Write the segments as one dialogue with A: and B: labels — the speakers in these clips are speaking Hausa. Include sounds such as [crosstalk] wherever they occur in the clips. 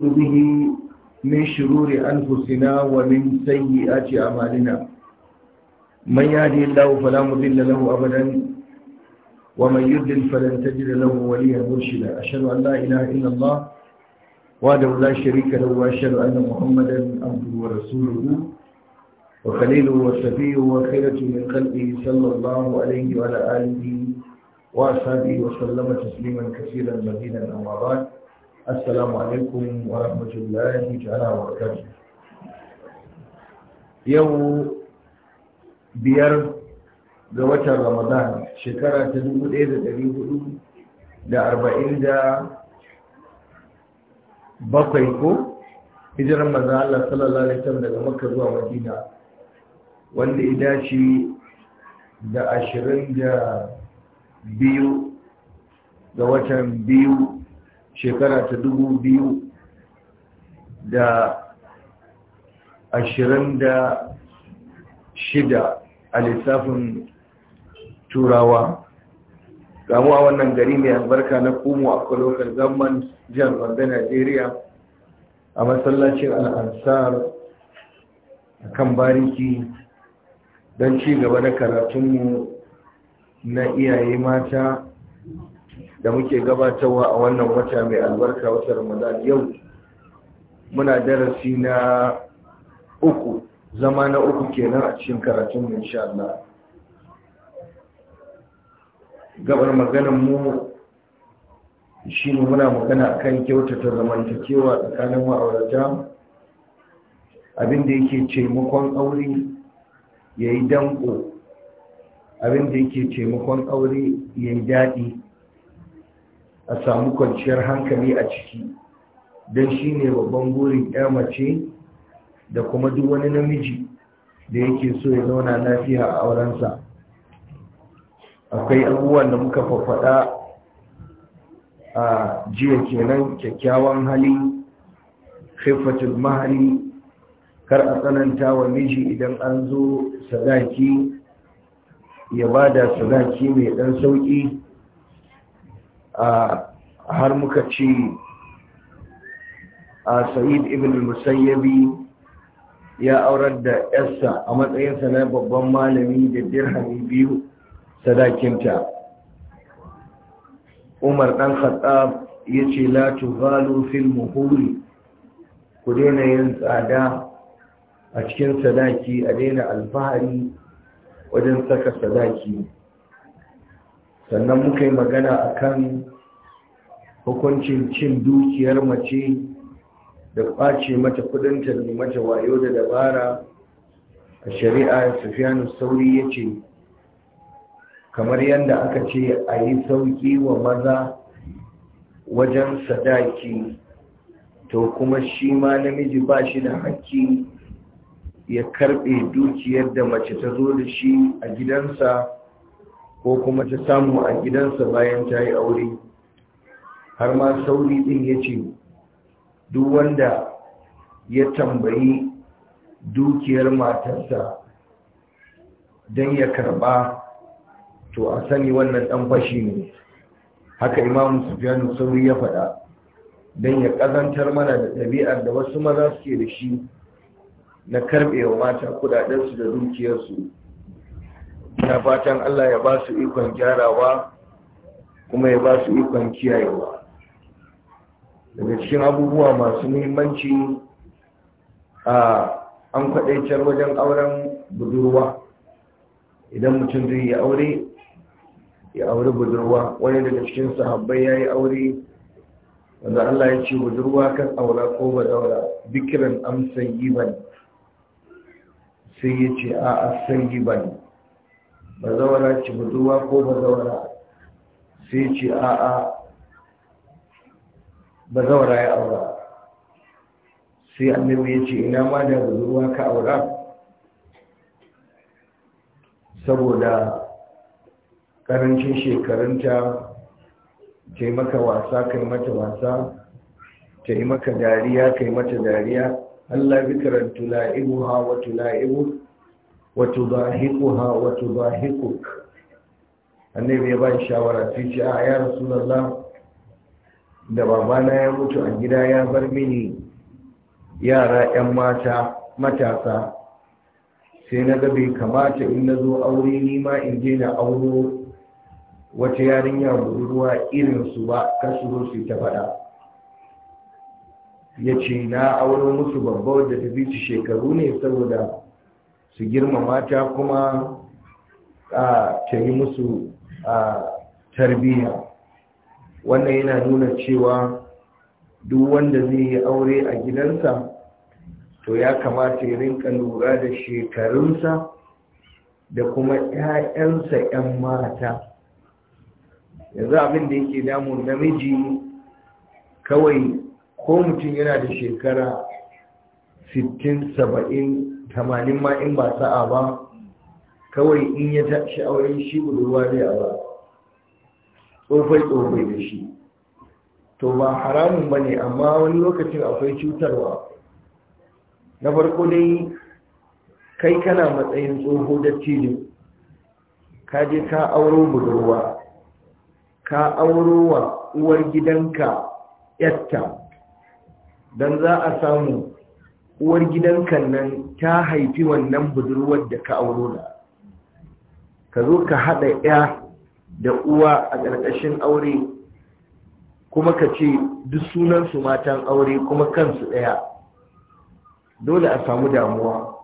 A: به من شرور أنفسنا ومن سيئات أعمالنا من يهدي الله فلا مضل له أبدا ومن يضلل فلن تجد له وليا مرشدا أشهد أن لا إله إلا الله وحده لا شريك له وأشهد أن محمدا عبده ورسوله وخليله وصفيه وخيرته من قلبه صلى الله عليه وعلى آله وأصحابه وسلم تسليما كثيرا مزيدا أما بعد السلام عليكم ورحمة الله تعالى وبركاته يوم بير بوتر رمضان شكرا تدوم إذا تريد da arba'in da bakwai ko hijirar maza Allah sallallahu Alaihi wasallam daga makka zuwa madina wanda ya dace da ashirin da biyu ga watan biyu shekara ta dubu biyu da ashirin da shida a lissafin turawa gamu a wannan gari mai albarka na kumo a kwalokar zaman jihar wanda najeriya a masallacin al'ansar a kan bariki don ci gaba da karatunmu na iyaye mata da muke gabatarwa a wannan wata mai albarka wata ramadan yau muna darasi na uku zama na uku kenan a cikin karatun insha Allah gabar maganar mu shi ne muna magana kan kyautata zamantakewa tsakanin ma'aurata abinda yake taimakon aure ya yi danko abinda yake taimakon aure ya yi daɗi a samu kwanciyar hankali a ciki don shi ne babban burin mace da kuma duk wani namiji da yake so ya zauna lafiya a aurensa akwai abubuwan da muka fafaɗa a jiya kenan kyakkyawan hali haifatul mahali kar a tsananta wa miji idan an zo sadaki ya ba da sadaki mai ɗan sauƙi har muka ci a sa'id ibn musayyabi ya aurar da yarsa a matsayinsa na babban malami da dirhami biyu sadakinta umar ɗan khattab ya ce latu tuvalu fil muhuri ku daina yin tsada a cikin sadaki a daina alfahari wajen saka sadaki sannan muka yi magana a kan hukuncin cin dukiyar mace da kwace mata kudinta da mata wayo da dabara a shari'a sufiyanu sauri ya ce kamar yadda aka ce a yi sauki wa maza wajen sadaki to kuma shi ma namiji ba shi da haƙƙi ya karɓe dukiyar da mace ta zo da shi a gidansa ko kuma ta samu a gidansa bayan ta yi aure har ma sauri ɗin ya ce duk wanda ya tambayi dukiyar matarsa don ya karba to a sani wannan ɗan fashi ne haka imamu sufyanu sauri ya faɗa don ya ƙazantar mana da ɗabi'ar da wasu maza suke da shi na wa mata kuɗaɗensu da dukiyarsu ina fatan Allah ya ba su ikon gyarawa kuma ya ba su ikon kiyayewa daga cikin abubuwa masu muhimmanci a an kwaɗaicar wajen auren budurwa idan mutum zai yi aure ya aure budurwa wani daga cikin sahabbai ya yi aure wanda Allah ya ce budurwa kan aura ko ba daura bikiran amsan yi ne. sai ya ce a san yi ne. ba zawara ci buduwa ko ba zawara sai ce a'a ba zawara ya aura sai annabi ya ce ina ma da buduwa ka aura saboda karancin shekarunta ta yi maka wasa kai mata wasa ta yi maka dariya kai mata dariya Allah bi karantu la'ibuha wa tula'ibu وتضاهقها وتضاهقك annabi ya ba shawara sai ce a da babana ya mutu a gida ya bar mini yara 'yan mata matasa sai na ga bai kamata in na zo aure ni ma in je na auro wata yarinya budurwa irin su ba kasuro su ta faɗa ya ce na auro musu babba wadda ta fi shekaru ne saboda su girmama mata kuma a ta musu a tarbiyya wannan yana nuna cewa duk wanda zai yi aure a gidansa to ya kamata ya rinka lura da shekarunsa da kuma 'ya'yansa 'yan mata yanzu abin da yake damun namiji kawai ko mutum yana da shekara 60 70 tamanin ma in ba sa'a ba kawai in ya tashi auren shi budurwa zai a ba tsofai tsofai da shi to ba haramun ba ne amma wani lokacin akwai cutarwa na farko dai kai kana matsayin tsoho da tilin ka je ka auro budurwa ka auro wa uwar gidanka yatta don za a samu uwar gidanka nan ta haifi wannan budurwar da ka auro da ka zo ka haɗa ya da uwa a ƙarƙashin aure kuma ka ce duk sunansu matan aure kuma kansu ɗaya dole a samu damuwa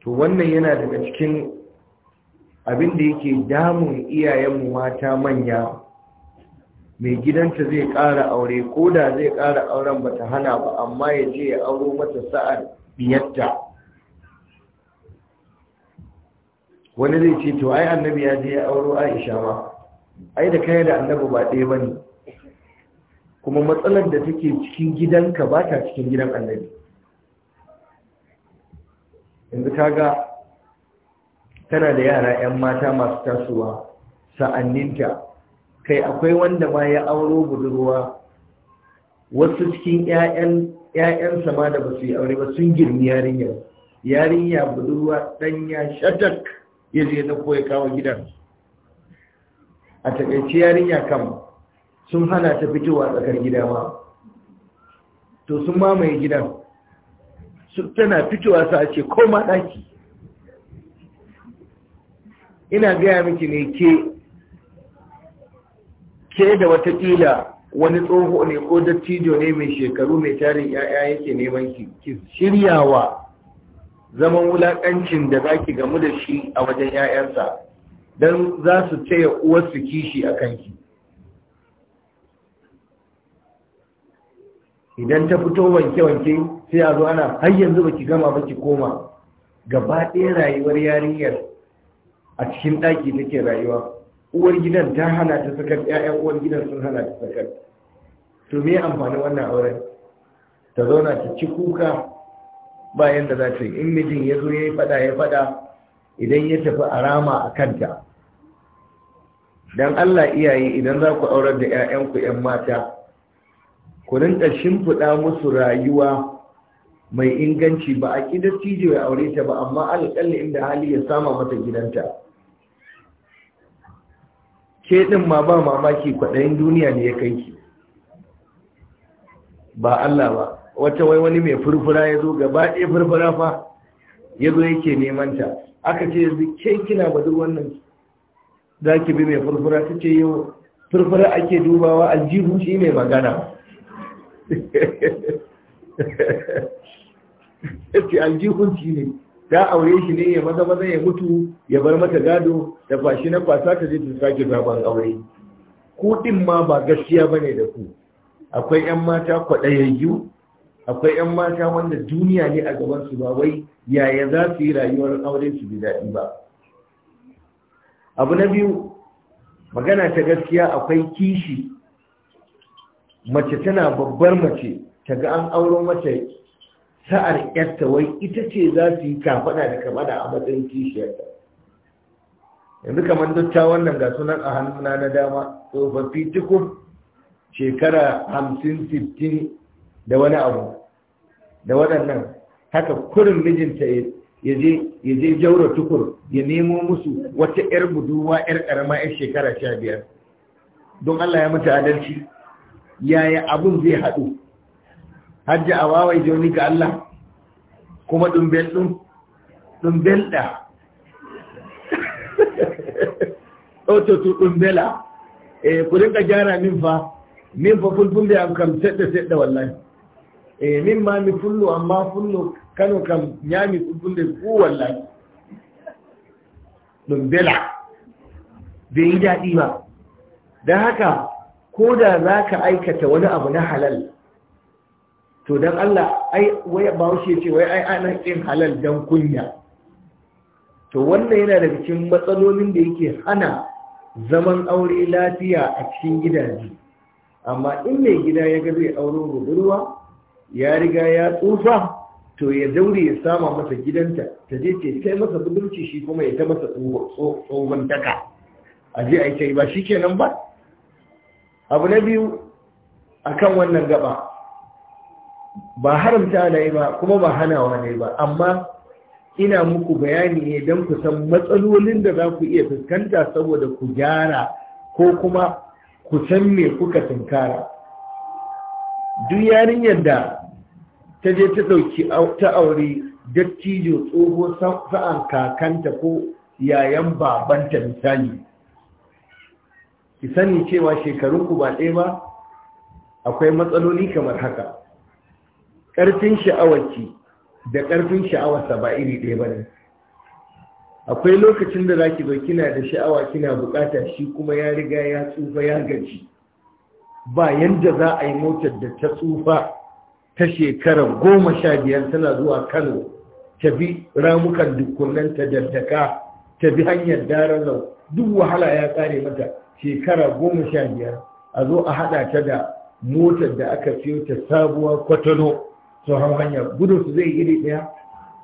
A: to wannan yana daga cikin abin da yake damun iyayenmu mata manya mai gidanta zai ƙara aure ko da zai ƙara auren ba ta hana ba amma ya je ya auro mata sa'ar biyatta wani zai ce to ai annabi ya je ya auro aisha ma ai da kai da annabi ba ɗaya ba ne kuma matsalar da take cikin gidanka ba ta cikin gidan annabi yanzu ka ga tana da yara 'yan mata masu tasowa sa'anninta kai akwai wanda ma ya auro budurwa wasu cikin 'ya'yansa ma da ba su yi aure ba sun girmi yarinya yarinya budurwa ya shatak ya je na koya kawo gidan a takaice yarinya kam sun hana ta fitowa tsakar gida ma to sun mamaye gidan tana fitowa sa ce koma ɗaki ina gaya miki ne ke ke da watakila wani tsoho ne ko dattijo ne mai shekaru mai tarin ya'ya yake neman ki ki shiryawa zaman wulakancin da zaki gamu da shi a wajen ya'yansa don za su taya uwarsu kishi a kanki idan ta fito wanke-wanke sai a zo ana har yanzu ba ki gama ba ki koma gaba ɗaya rayuwar yarinyar a cikin ɗaki take rayuwa uwar gidan ta hana ta sakar ƴaƴan uwar gidan sun hana ta sakar to me amfani wannan auren ta zauna ta ci kuka bayan da za ta yi in mijin ya zo ya yi fada ya faɗa idan ya tafi a rama a kanta don allah iyaye idan za ku aurar da 'ya'yanku 'yan mata ku rinka shimfiɗa musu rayuwa mai inganci ba a ƙi dattijo ya aure ta ba amma alƙalla inda hali ya sama mata gidanta ke ɗin ma ba mamaki kwaɗayin duniya ne ya kai ki ba Allah ba wata wai wani mai furfura ya zo gaba ɗaya furfura fa ya zo yake neman ta aka ce yanzu ke kina ba duk wannan za ki bi mai furfura ta ce yau furfura ake dubawa aljihu shi mai magana [laughs] ce aljihun shi ne ta aure shi ne ya maza maza ya mutu ya bar mata gado da fashi na kwasa ta je ta sake zaben aure ku ma ba gaskiya bane da ku akwai yan mata kwaɗayayyu akwai yan mata wanda duniya ne a gaban su ba wai yaya za su yi rayuwar aure su bi daɗi ba abu na biyu magana ta gaskiya akwai kishi mace tana babbar mace ta ga an auro mace sa'ar yarta wai ita ce za su yi kafaɗa da kamada a matsayin kishiyarta yanzu kamar dutta wannan ga sunan a hannuna na dama tsofaffi tukun shekara hamsin sittin da wani abu da waɗannan haka kurin mijinta ya je jaura tukur ya nemo musu wata 'yar buduwa 'yar ƙarama 'yar shekara sha biyar don Allah ya mutu adalci yaya abun zai haɗu hajji a wawai joni ga Allah kuma dumbel ɗin dumbel ɗa ɗautotu [laughs] bela. eh ku dinga gyara min fa min fa fulfun da kam sedda sedda wallahi eh min ma mi fullo amma fullo kano kam nyami fulfun da ku wallahi dumbela bai yi daɗi ba don haka ko da za ka aikata wani abu na halal to dan Allah ai wai wuce ce wai ai ana kin halal dan kunya to wannan yana daga cikin matsalolin da yake hana zaman aure lafiya a cikin gidaje amma in mai gida ya ga zai auro budurwa ya riga ya tsufa to ya daure ya sama masa gidanta ta je ce kai masa budurci shi kuma ya ta masa tsohon taka a je a yi ba shi kenan ba abu na biyu akan wannan gaba ba haramta na yi ba kuma ba hanawa ne ba amma ina muku bayani ne don ku san matsalolin da za ku iya fuskanta saboda ku gyara ko kuma ku san me kuka tunkara duk yarinyar da ta je ta ɗauki ta aure dattijo tsoho sa'an kakanta ko yayan babanta misali ki sani cewa shekarunku ba ɗaya ba akwai matsaloli kamar haka ƙarfin sha'awarki da ƙarfin sha'awarsa ba iri ɗaya ba ne akwai lokacin da za ki zo kina da sha'awa kina bukata shi kuma ya riga ya tsufa ya gaji ba yadda za a yi motar da ta tsufa ta shekara goma sha biyar tana zuwa kano ta bi ramukan dukkanin ta daddaka ta bi hanyar daren lau duk wahala ya kare mata shekara goma sha biyar a zo a haɗa ta da motar da aka siyo ta sabuwa kwatano sun hanyar hanya gudun su zai iri ɗaya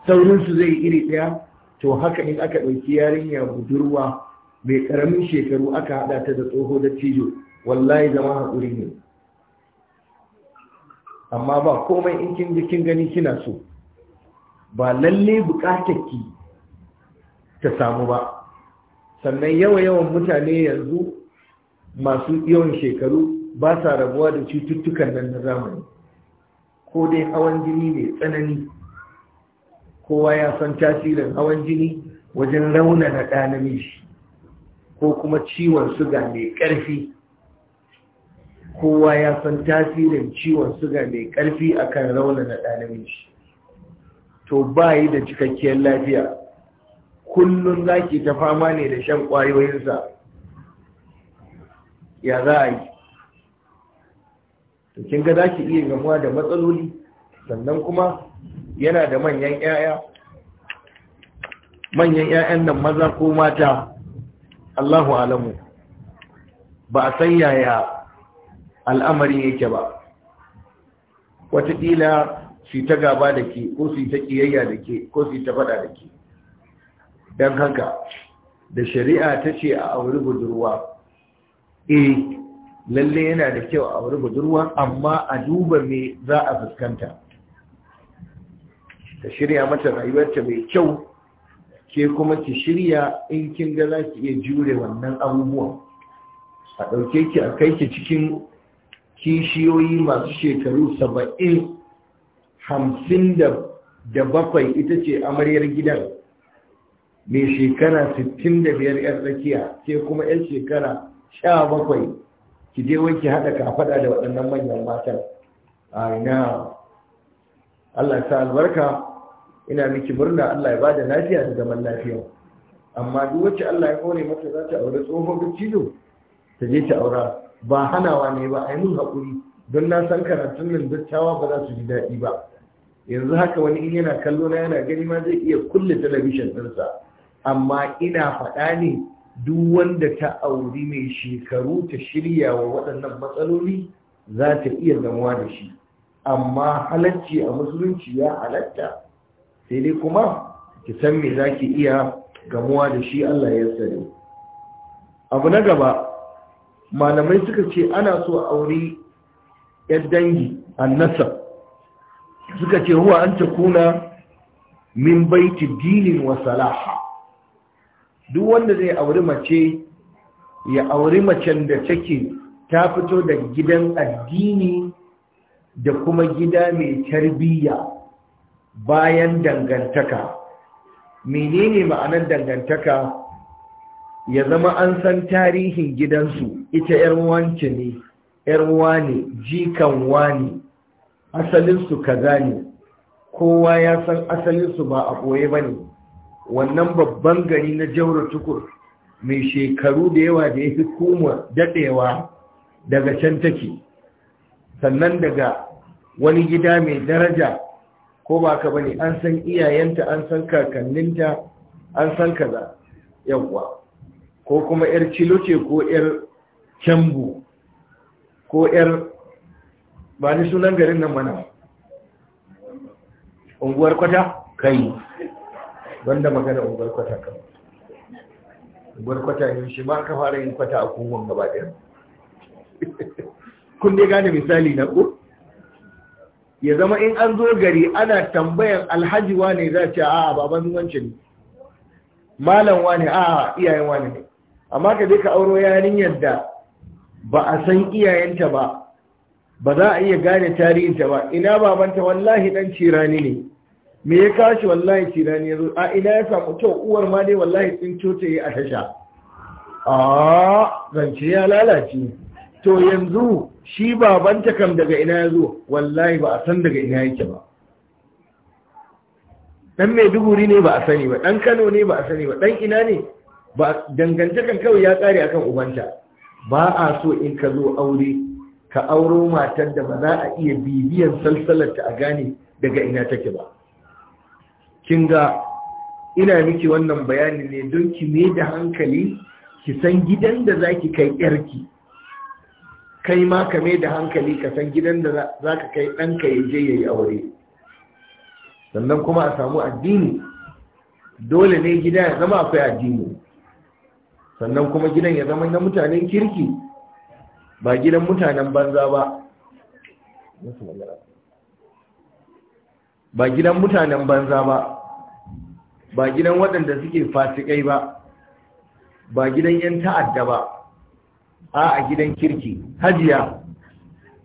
A: saurin su zai iri ɗaya to haka in aka ɗauki yarinya budurwa mai karamin shekaru aka haɗa ta da tsoho da cijo wallahi zama hakuri ne amma ba komai in kin ji kin gani kina so ba lalle ki ta samu ba sannan yawa yawan mutane yanzu masu yawan shekaru ba sa rabuwa da cututtukan nan na zamani ko dai hawan jini mai tsanani kowa ya san tasirin hawan jini wajen raunana ɗa namiji ko kuma ciwon suga mai ƙarfi kowa ya san tasirin ciwon suga mai ƙarfi akan raunana ɗa namiji to bayi da cikakkiyar lafiya kullum zaki ta fama ne da shan ƙwayoyinsa ya za a yi to kin ga zaki iya gamuwa da matsaloli sannan kuma yana da manyan ƴaƴa manyan ƴaƴan nan maza ko mata Allahu alamu ba a san yaya al'amari yake ba wataƙila su ta gaba da ke ko su ta ƙiyayya da ke ko su ta faɗa da ke don haka da shari'a ta ce a auri budurwa eh lalle yana da kyau a wuri budurwa amma a duba me za a fuskanta ta shirya mata rayuwarta mai kyau ke kuma ki shirya in kin ga za ki iya jure wannan abubuwa a ɗauke ki a kai ki cikin kishiyoyi masu shekaru saba'in hamsin da bakwai ita ce amaryar gidan mai shekara 65 'yan tsakiya ke kuma 'yan shekara sha bakwai. ki je wai ki haɗa ka faɗa da waɗannan manyan matan a ina Allah sa albarka ina miki murna Allah ya ba da lafiya da zaman lafiya amma duk wacce Allah ya kore mata za ta aure tsohon cizo ta je ta aura ba hanawa ne ba a yi mun haƙuri don na san karatun nan dattawa ba za su ji daɗi ba yanzu haka wani in yana kallo na yana gani ma zai iya kulle talabishin ɗinsa amma ina faɗa ne duk wanda ta auri mai shekaru ta shirya wa waɗannan matsaloli za ta iya zama da shi amma halacci a musulunci ya halatta sai dai kuma ki san me za ki iya gamuwa da shi Allah ya sani abu na gaba malamai suka ce ana so a auri yan dangi annasa suka ce huwa an ta kuna min baiti dinin wa salaha duk wanda zai auri mace ya auri macen da take ta fito da gidan addini da kuma gida mai tarbiyya bayan dangantaka menene ma'anar dangantaka ya zama an san tarihin gidansu ita 'yar wance ne 'yar wane jikan wane asalinsu kaza ne kowa ya san asalinsu ba a ɓoye ba ne wannan babban gari na jaura tukur mai shekaru da yawa da ya fi kuma daɗewa daga can take sannan daga wani gida mai daraja ko ba ka bane an san iyayenta an san kakanninta an san kaza yawwa ko kuma yar ciloce ko yar cambu ko yar ba ni sunan garin nan mana unguwar kwata kai wanda magana unguwar kwata kan unguwar kwata ne shi ma ka fara yin kwata a kungon gaba ɗaya [laughs] kun dai gane misali na ko ya zama in an zo gari ana tambayar alhaji wane za ce a a baban wanci ne malam wane a a iyayen wane ne amma ka ka auro yarinyar yadda ba a san iyayenta ba ba za a iya gane tarihinta ba ina babanta wallahi dan cirani ne me ya kashi wallahi cirani ya zo a ina ya samu kyau uwar ma dai wallahi tsin cote ya a tasha a zance ya lalace to yanzu shi babanta kam daga ina ya zo wallahi ba a san daga ina yake ba dan maiduguri ne ba a sani ba dan kano ne ba a sani ba dan ina ne ba dangantakan kawai ya tsare akan ubanta ba a so in ka zo aure ka auro matar da ba za a iya bibiyan salsalarta a gane daga ina take ba kin ga ina miki wannan bayani ne don ki me da hankali ki san gidan da za ki kai yarki kai ma ka me da hankali ka san gidan da za ka kai ɗanka ya je ya yi aure sannan kuma a samu addini dole ne gida ya zama akwai addini sannan kuma gidan ya zama na mutanen kirki ba gidan mutanen banza ba ba gidan mutanen banza ba ba gidan waɗanda suke fasikai ba ba gidan 'yan ta'adda ba a a gidan kirki hajiya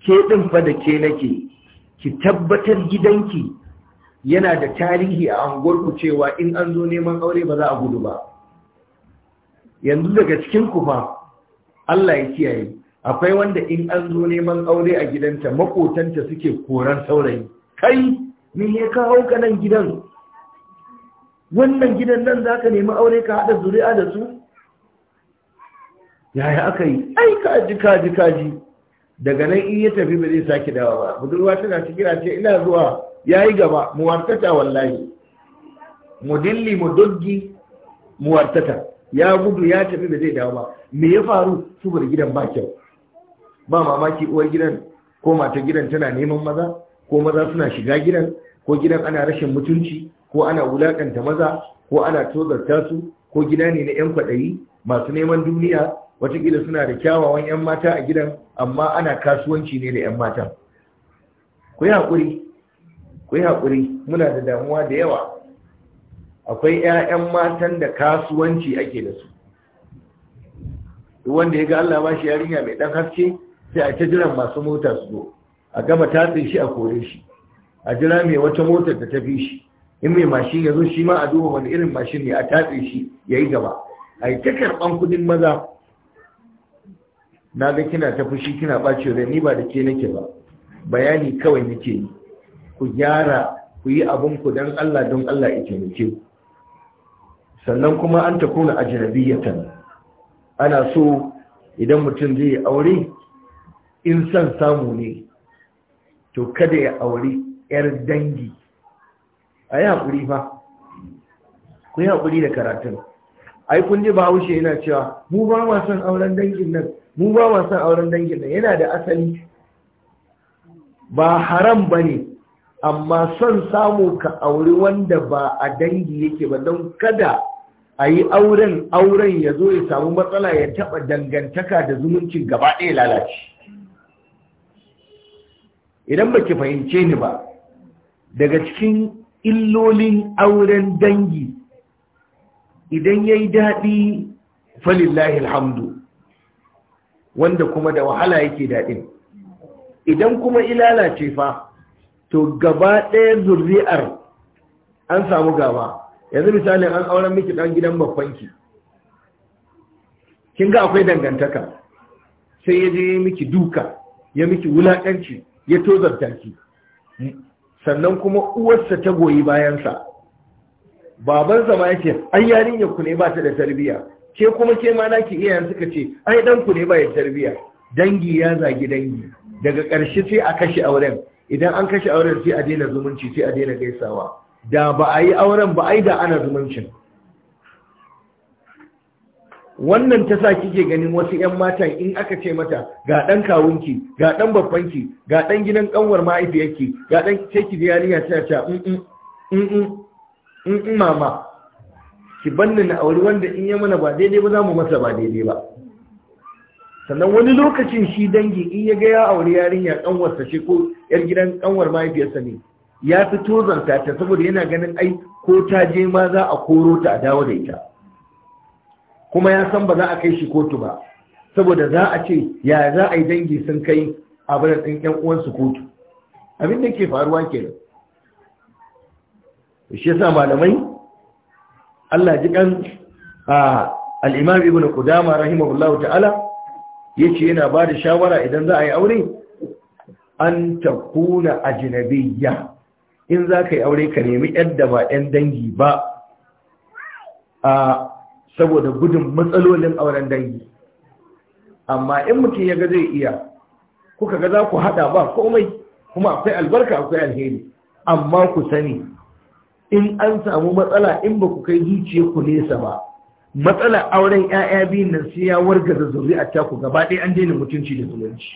A: ke ɗin fa da ke nake ki tabbatar gidanki yana da tarihi a anguwarku cewa in an zo neman aure ba za a gudu ba yanzu daga cikin kufa Allah ya kiyaye akwai wanda in an zo neman aure a gidanta makotanta suke koran saurayi kai me ya kawo ka nan gidan wannan gidan nan za ka nemi aure ka haɗa zuri'a da su yaya aka yi ai kaji kaji kaji daga nan in ya tafi ba zai sake dawa ba budurwa tana cikin ce ina zuwa ya yi gaba muwartata wallahi Mu dilli mudilli mudoggi muwartata ya gudu ya tafi ba zai dawo ba me ya faru subar gidan ba kyau ba mamaki uwar gidan ko mata gidan tana neman maza ko maza suna shiga gidan ko gidan ana rashin mutunci ko ana wulakanta maza ko ana tozarta su ko gida ne na 'yan kwaɗayi masu neman duniya watakila suna da kyawawan 'yan mata a gidan amma ana kasuwanci ne da 'yan mata ku yi haƙuri ku yi haƙuri muna da damuwa da yawa akwai 'ya'yan matan da kasuwanci ake da su wanda ya ga Allah ba shi yarinya mai ɗan haske sai a ta jiran masu mota su zo a gama tatsin shi a kore shi a jira mai wata motar da ta fi shi in mai mashin ya zo shi ma a duba wani irin mashin ne a tatse shi ya yi gaba a yi ta karɓan kudin maza na ga kina ta fushi kina ɓace rai ni ba da ke nake ba bayani kawai nake yi ku gyara ku yi abin ku don Allah don Allah ya taimake sannan kuma an ta kuna ajnabiyatan ana so idan mutum zai yi aure in san samu ne to kada ya aure yar dangi a yi haƙuri fa ku yi haƙuri da karatun ai kun ji bahaushe yana cewa mu ba ma son auren dangin nan mu ba ma son auren dangin nan yana da asali ba haram ba ne amma son samu ka auri wanda ba a dangi yake ba don kada a yi auren auren ya zo ya samu matsala ya taɓa dangantaka da zumuncin gaba ɗaya lalace idan ba ki fahimce ni ba daga cikin illolin auren dangi idan ya yi daɗi falillahi alhamdu wanda kuma da wahala yake daɗi. idan kuma ilalace fa to gaba ɗaya zurri'ar an samu gaba yanzu misalin an auren miki ɗan gidan babbanki kin ga akwai dangantaka sai ya je miki duka ya miki wulaƙanci ya tozarta ki sannan kuma uwarsa ta goyi bayansa babansa ma yake ai yarinyar ku ne ba ta da tarbiya ke kuma ke ma naki iyayen suka ce ai dan ku ne ba ya tarbiya dangi ya zagi dangi daga ƙarshe sai a kashe auren idan an kashe auren sai a daina zumunci sai a daina gaisawa da ba a yi auren ba ai da ana zumuncin wannan ta sa kike ganin wasu 'yan matan in aka ce mata ga ɗan kawunki ga ɗan babbanki ga ɗan gidan ƙanwar mahaifiyarki ga ɗan ki da yarinya ta ta in mama ki banne na auri wanda in ya mana ba daidai ba za mu masa ba daidai ba sannan wani lokacin shi dangi in ya ga ya auri yarinya ƙanwarsa shi ko 'yar gidan ƙanwar mahaifiyarsa ne ya fi tozanta ta saboda yana ganin ai ko ta je ma za a koro ta a dawo da ita kuma ya san ba za a kai shi kotu ba saboda za a ce ya za a yi dangi sun kai a abin ɗin ƴan uwansu kotu abin da ke faruwa kenan shi yasa malamai Allah ji kan al-Imam Ibn Qudama rahimahullahu ta'ala yace yana ba da shawara idan za a yi aure an takuna ajnabiyya in za ka yi aure ka nemi da ba 'yan dangi ba saboda gudun matsalolin auren dangi amma in mutum ya ga zai iya kuka ga za ku hada ba komai kuma akwai albarka akwai alheri amma ku sani in an samu matsala in ba ku kai zuciya ku nesa ba matsala auren 'ya'ya biyun nan sai ya wargaza zuri'a ta ku gaba ɗaya an daina mutunci da zumunci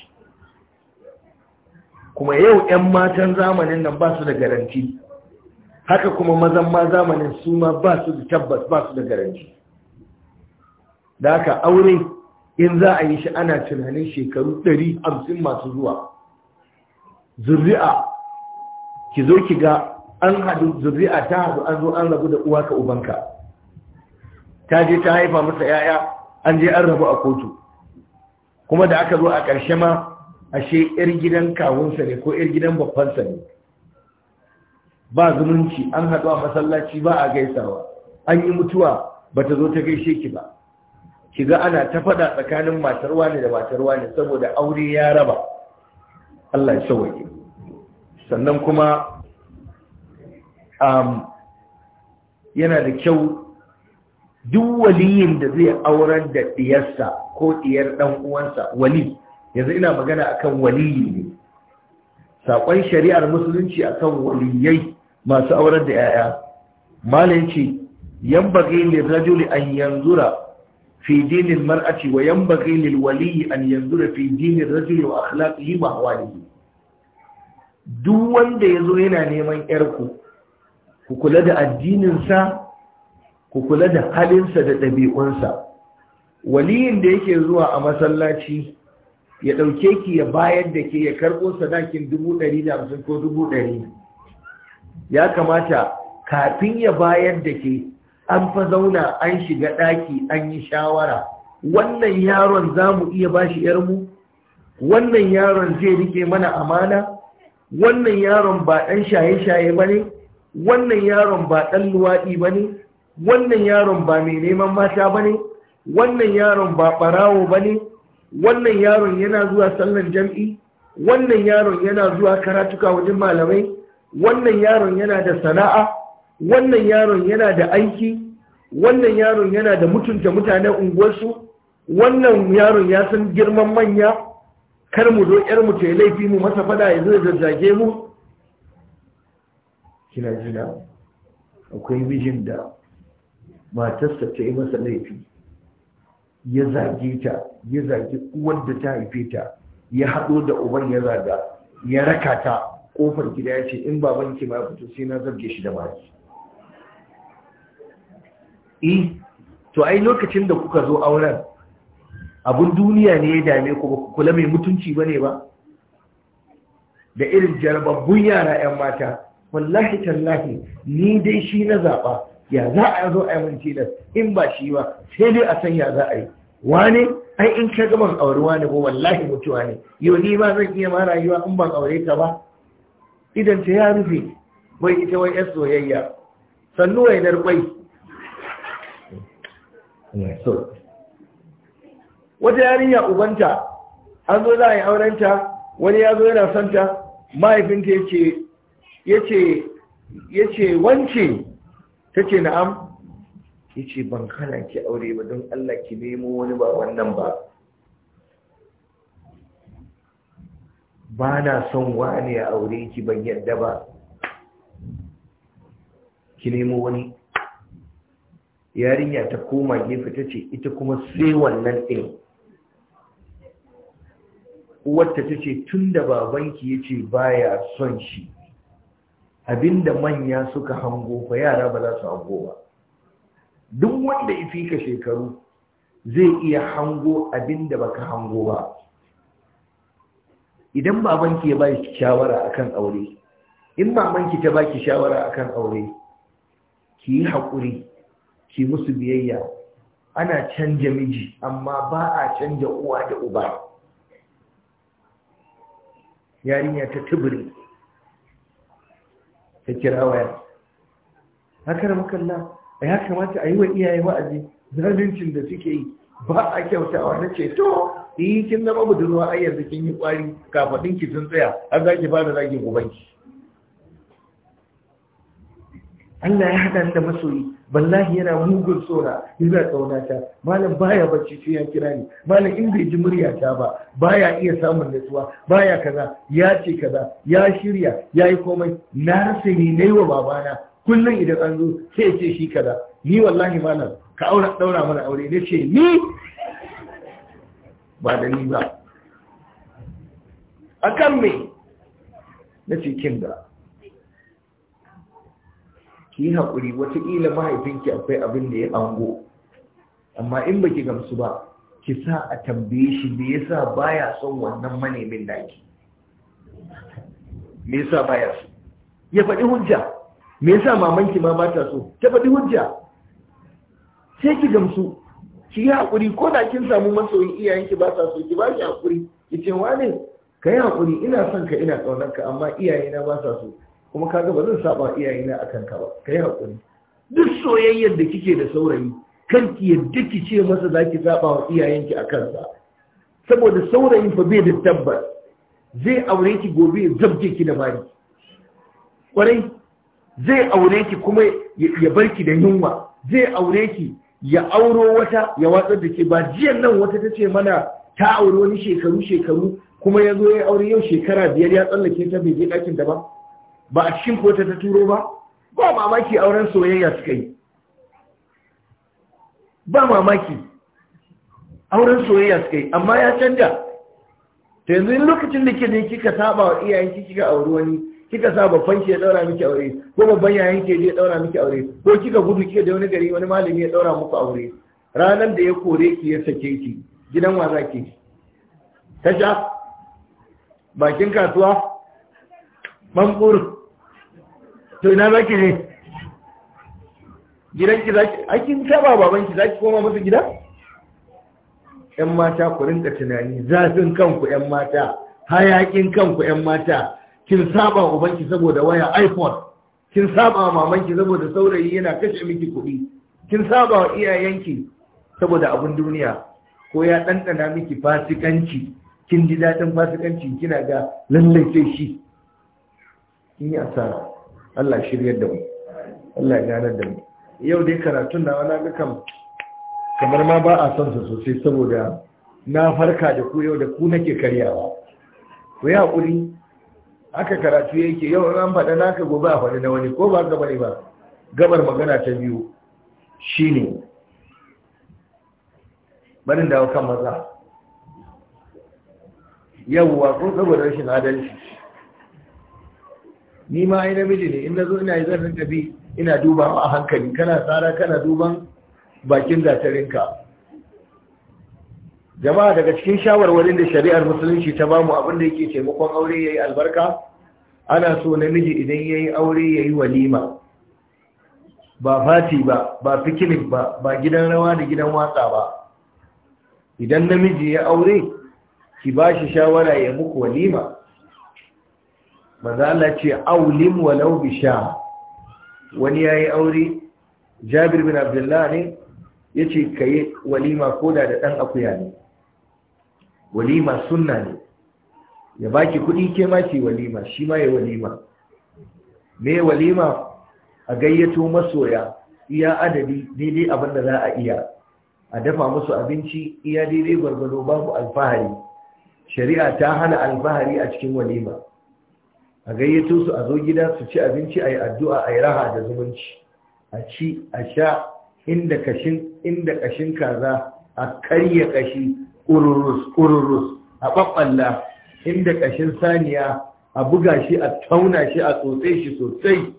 A: kuma yau 'yan matan zamanin nan ba su da garanti haka kuma mazan ma zamanin su ma ba su da tabbas ba su da garanti da haka aure in za a yi shi ana tunanin shekaru 150 masu zuwa zuri'a ki zo ki ga an haɗu zuri'a ta haɗu an zo an rabu da uwa ka ubanka ta je ta haifa masa 'ya'ya an je an rabu a kotu kuma da aka zo a ƙarshe ma ashe 'yar gidan kawunsa ne ko 'yar gidan babbansa ne ba zumunci an haɗu a masallaci ba a gaisawa an yi mutuwa ba ta zo ta gaishe ki ba ki ga ana ta faɗa tsakanin matar wani da matar wani saboda aure ya raba Allah ya sauke sannan kuma um, yana da kyau duk waliyin da zai aurar da ɗiyarsa ko ɗiyar ɗan uwansa wali yanzu ina magana akan waliyi ne saƙon shari'ar musulunci akan waliyai masu aurar da 'ya'ya malam ce yan bagai ne rajuli an yanzura في دين المرأة وينبغي للولي أن ينظر في دين الرجل وأخلاقه وأحواله duk wanda ya zo yana neman ‘yarku ku kula da addininsa ku kula da halinsa da ɗabi'unsa waliyin da yake zuwa a masallaci ya ɗauke ki ya bayar da ke ya karɓo sadakin hamsin ko ɗari. ya kamata kafin ya bayar da ke an fa zauna an shiga ɗaki an yi shawara wannan yaron za mu iya ba shi ‘yarmu wannan yaron zai rike mana amana wannan yaron ba ɗan shaye-shaye ba ne wannan yaron ba ɗan luwaɗi ba ne wannan yaron ba mai neman mata ba ne wannan yaron ba ɓarawo ba ne wannan yaron yana zuwa sallar jam'i wannan yaron yana zuwa karatuka wajen malamai wannan yaron yana da sana'a wannan yaron yana da aiki wannan yaron yana da mutunta mutanen unguwarsu wannan yaron ya san girman manya kar mu zo yar mu tayi laifi mu masa fada ya zo zage mu kina jina akwai mijin da matarsa ta yi masa laifi ya zage ta ya zage uwar da ta haife ta ya haɗo da uban ya zaga ya raka ta ƙofar gida ya ce in babanki ma fito sai na zarge shi da baki eh to ai lokacin da kuka zo auren abun duniya ne ya dame ku ba ku kula mai mutunci bane ba da irin jarababbun yara 'yan mata wallahi tallahi ni dai shi na zaɓa ya za a zo a yi tilas in ba shi ba sai dai a sanya za a yi wane ai in ka gaban aure wane ko wallahi mutuwa ne yau ni ma zan iya ma rayuwa in ban aure ta ba idan ta ya rufe bai ita wai 'yan soyayya sannu wai dar so wata yarinya ubanta an zo za a yi aurenta wani ya zo yana santa mahaifinta ya ce wance ta ce na'am ya ce ban kana ki aure ba don allah ki nemo wani ba wannan ba ba na son wani ya aure ki ban yadda ba ki nemo wani yarinya ta koma gefe ta ce ita kuma sai wannan ɗin Wata ta ce tun da babanki ya ce baya son shi abinda manya suka hango fa yara ba za su hango ba duk wanda ya fi ka shekaru zai iya hango abinda baka hango ba idan babanki ya baki shawara akan aure in Babanki ta baki shawara akan aure ki yi haƙuri Ke musu biyayya ana canja miji amma ba a canja uwa da uba yarinya ta tubiri ta kira waya haka makalla a ya kamata a yi wa iyaye wa'azi zalincin da suke yi ba a kyautawa na ce to yi eh, kin zama budurwa a yanzu kin yi kwari kafaɗin ki sun tsaya har za ki fara zagin ubanki Allah ya haɗa da masoyi ballahi yana mugun tsora yana tsaunata malam baya bacci sai ya kira ni malam in bai ji muryata ba baya iya samun nutsuwa baya kaza ya ce kaza ya shirya ya yi komai na rasa ni na yi wa babana kullum idan an zo sai ya ce shi kaza ni wallahi malam ka aura ɗaura mana aure ne ce ni ba da ni ba akan me na ce kin ki haƙuri wataƙila mahaifinki akwai abin da ya ango amma in ba ki gamsu ba ki sa a tambaye shi me yasa baya son wannan manemin daki me yasa baya so ya faɗi hujja me yasa mamanki ma bata so ta faɗi hujja sai ki gamsu ki yi haƙuri ko da kin samu masoyin iyayenki ba sa so ki ba shi haƙuri ki ce wane ka yi haƙuri ina son ka ina ƙaunar ka amma iyayena ba sa so kuma ka ba zan saba iyayena akan ka ba kai hakuri duk soyayyar da kike da saurayi kan ki yadda ki ce masa za ki saba wa iyayenki a kansa saboda saurayin fa bai da tabbas zai aure ki gobe ya zabje ki da bari kwarai zai aure ki kuma ya bar ki da yunwa zai aure ki ya auro wata ya watsar da ke ba jiyan nan wata ta ce mana ta aure wani shekaru shekaru kuma ya zo ya aure yau shekara biyar ya tsallake ta bai je ɗakin da ba ba a cikin kota ta turo ba ba mamaki auren soyayya suka yi ba mamaki auren soyayya suka yi amma ya canja ta yanzu lokacin da ke kika saba wa iyayenki kika auri wani kika sa babban ya daura miki aure ko babban yayin ke ya daura miki aure ko kika gudu kika da wani gari wani malami ya daura muku aure ranar da ya kore ki ya sake ki gidan wa zaki tasha bakin kasuwa mamburu to ina zaki je gidanki zaki akin taba babanki zaki koma masu gida yan mata ku rinka tunani zafin kanku yan mata hayakin kanku yan mata kin saba ubanki saboda waya iphone kin saba mamanki saboda saurayi yana kashe miki kuɗi kin saba wa iyayenki saboda abin duniya ko ya ɗanɗana miki fasikanci kin ji daɗin fasikanci kina ga lallace shi in yi asara Allah shiryar da mu Allah ganar da mu yau dai karatun da wani ga kam kamar ma ba a son su sosai saboda na farka da ku yau da ku nake karyawa ku yi hakuri aka karatu yake yau ran faɗa naka gobe a faɗi na wani ko ba gaba ne ba gabar magana ta biyu shine barin dawo kan maza yawwa kun saboda rashin adalci ni ma ai namiji ne in nazo ina yi zan tafi ina duba a hankali kana tsara kana duban bakin gatarinka jama'a daga cikin shawarwarin da shari'ar musulunci ta bamu abin da yake taimakon aure yayi albarka ana so namiji idan yayi aure yayi walima ba fati ba ba fikinik ba ba gidan rawa da gidan watsa ba idan namiji ya aure ki bashi shawara ya muku walima manzo Allah ce aulim walau bisha wani yayi aure Jabir bin Abdullah ne yace kai walima koda da dan akuya ne walima sunna ne ya baki kudi ke ma ce walima shi ma yayi walima me walima a gayyato masoya iya adadi daidai abin da za a iya a dafa musu abinci iya daidai gwargwado babu alfahari shari'a ta hana alfahari a cikin walima a gayyato su a zo gida su ci abinci a yi addu'a a yi raha da zumunci a ci a sha inda kashin inda kashin kaza a karya kashi ururus ururus a ɓaɓɓalla inda kashin saniya a buga shi a tauna shi a tsotse shi sosai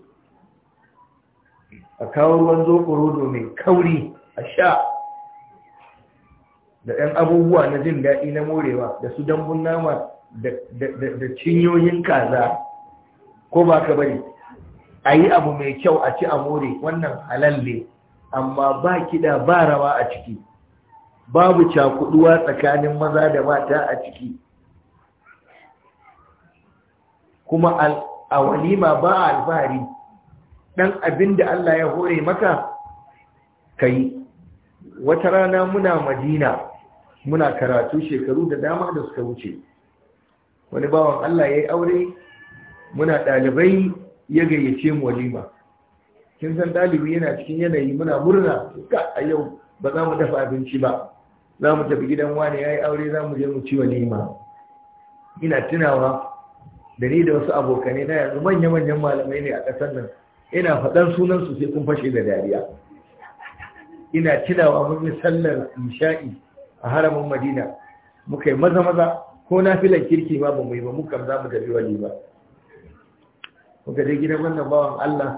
A: a kawo ruwan rodo mai kauri a sha da ɗan abubuwa na jin daɗi na morewa da su dambun nama da cinyoyin kaza ko ba ka bari a yi abu mai kyau a ci a more wannan halalle amma ba kiɗa ba rawa a ciki babu cakuduwa tsakanin maza da mata a ciki kuma a walima ba alfahari dan abin da Allah ya hore maka kai wata rana muna madina muna karatu shekaru da dama da suka wuce wani bawan Allah ya yi aure muna ɗalibai ya gayyace mu walima kin san ɗalibi yana cikin yanayi muna murna ka a yau ba za mu dafa abinci ba za mu tafi gidan wani ya yi aure za mu je mu ci walima ina tunawa da ni da wasu abokanai na yanzu manya-manyan malamai ne a ƙasar nan ina faɗan sunan su sai kun fashe da dariya ina tunawa mun yi sallar isha'i a haramin madina muka yi maza-maza ko na filan kirki ma ba mu yi ba muka za mu tafi walima muka je gidan wannan bawan Allah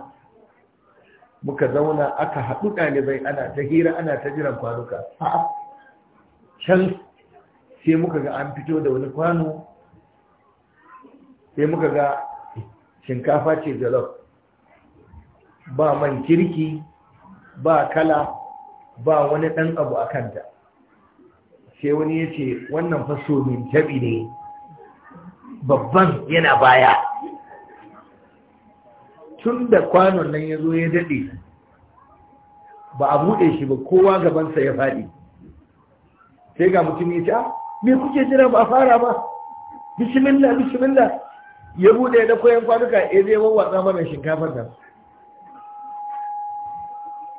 A: muka zauna aka haɗu ɗalibai ana ta hira ana ta jiran kwanuka can sai muka ga an fito da wani kwano sai muka ga shinkafa ce jalof ba man kirki ba kala ba wani ɗan abu a kanta sai wani ya ce wannan faso min ne babban yana baya tun da kwanon nan ya zo ya daɗe ba a buɗe shi ba kowa gabansa ya faɗi sai ga mutum ya ce a ah, me kuke jira ba a fara ba bismillah bismillah ya buɗe na koyon kwanuka ya zai wawwatsa mana shinkafar nan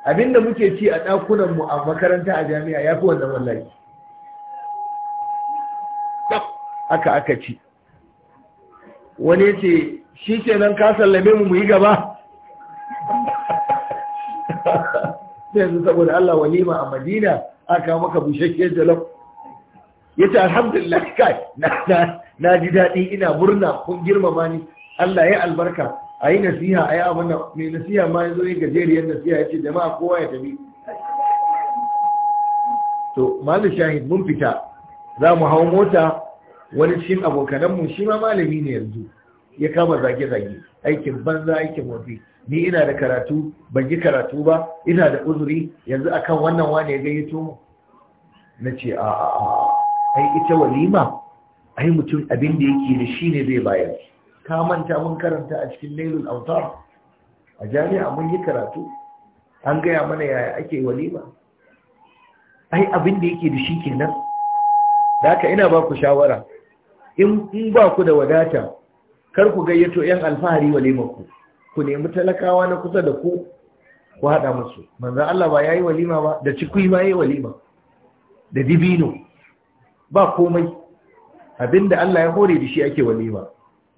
A: abinda muke ci a ɗakunanmu a makaranta a jami'a ya fi wannan wallahi haka aka ci wani ce shi kenan ka sallame mu mu yi gaba yanzu saboda Allah walima a Madina aka maka bushakkiyar jalof ya ce alhamdulillah kai na ji daɗi ina murna kun girmama ni Allah ya albarka a yi nasiha a yi abin da mai nasiha ma ya zo yi gajeriyar nasiha ya ce jama'a kowa ya tafi to malin shahid mun fita za mu hau mota wani cikin abokananmu shi ma malami ne yanzu ya kama zage-zage aikin banza aikin wafi ni ina da karatu ban yi karatu ba ina da uzuri yanzu akan wannan wane ya gayyato mu na ce a a a ai ita walima ai mutum abin da yake da shi ne zai bayar ka manta mun karanta a cikin nailul autar a jami'a mun yi karatu an gaya mana yaya ake walima ai abin da yake da shi kenan da haka ina ba ku shawara in ba ku da wadata kar ku gayyato yan alfahari walimarku ku nemi talakawa na kusa da ku ku haɗa musu manzo Allah ba yayi yi walima ba da cikui ma ya walima da dibino ba komai abinda Allah ya hore da shi ake walima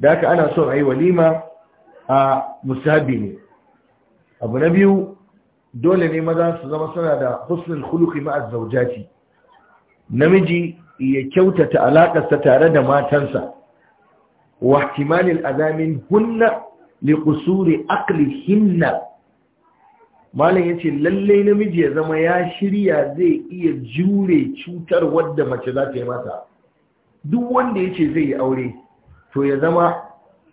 A: da haka ana son a yi walima a musabi ne abu na biyu dole ne maza su zama suna da husnul khuluqi ma'a zawjati namiji ya kyautata alakarsa tare da matansa wa ihtimalil azamin hunna li qusuri aqlihinna malam yace lallai namiji ya zama ya shirya zai iya jure cutar wadda mace za ta yi masa duk wanda yace zai yi aure to ya zama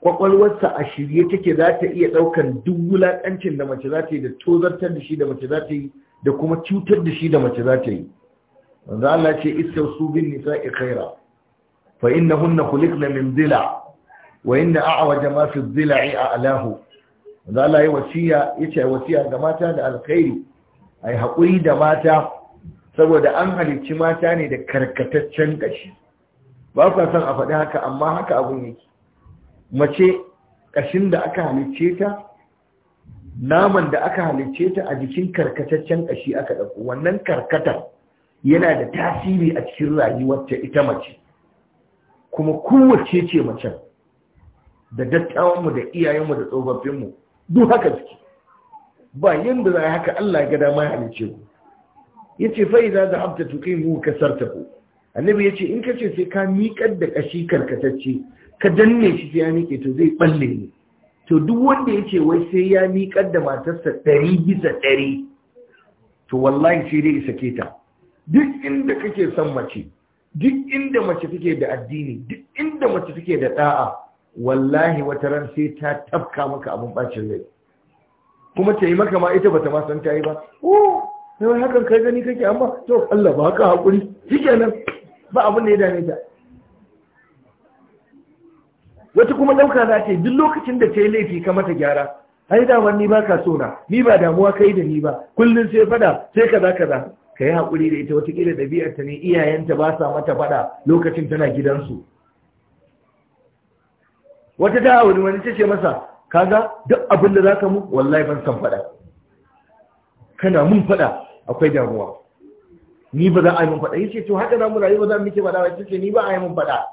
A: kwakwalwarsa a shirye take za ta iya daukan duk wulakancin da mace za ta yi da tozartar da shi da mace za ta yi da kuma cutar da shi da mace za ta yi wanda Allah ce istausu bin nisa'i khaira fa innahunna khuliqna min dhila wa inda a'awaja ma fi dhila'i a'lahu wanda Allah ya wasiya yace wasiya ga mata da alkhairi ai hakuri da mata saboda an halicci mata ne da karkataccen kashi ba ku san a faɗi haka amma haka abun yake mace kashin da aka halicce ta naman da aka halicce ta a jikin karkataccen kashi aka ɗauko wannan karkatar yana da tasiri a cikin rayuwar ta ita mace kuma kowace ce macen da dattawanmu da iyayenmu da tsofaffinmu duk haka suke ba yanda za a haka Allah ya halice ku ya za ku hafta fa mu ka sarta ku. annabi ya ce, in ka ce sai ka miƙar da ƙashi karkatacce ka danne shi sai ya miƙe to zai balle ne to duk wanda ya ce wai sai ya miƙar da matarsa ɗari bisa ɗari, to wallahi sai dai sake ta duk inda kake son mace duk inda mace take da addini duk inda mace take da ɗa'a. wallahi wata ran sai ta tafka maka abin bacin rai kuma ta yi maka ma ita bata ma san ta yi ba oh sai hakan kai gani kake amma to Allah ba ka hakuri shikenan ba abin da ya dame ta wata kuma dauka za ta yi duk lokacin da ta yi laifi ka mata gyara ai da ni ba ka so ni ba damuwa kai da ni ba kullun sai fada sai kaza kaza ka yi haƙuri da ita wata watakila ɗabi'arta ne iyayenta ba sa mata faɗa lokacin tana gidansu wata ta wani wani ta ce masa kaga duk abin da zaka mu wallahi ban san fada kana mun fada akwai damuwa ni ba za a yi mun fada yace to haka za mu rayu ba za mu ke fada ba ce ni ba a yi mun fada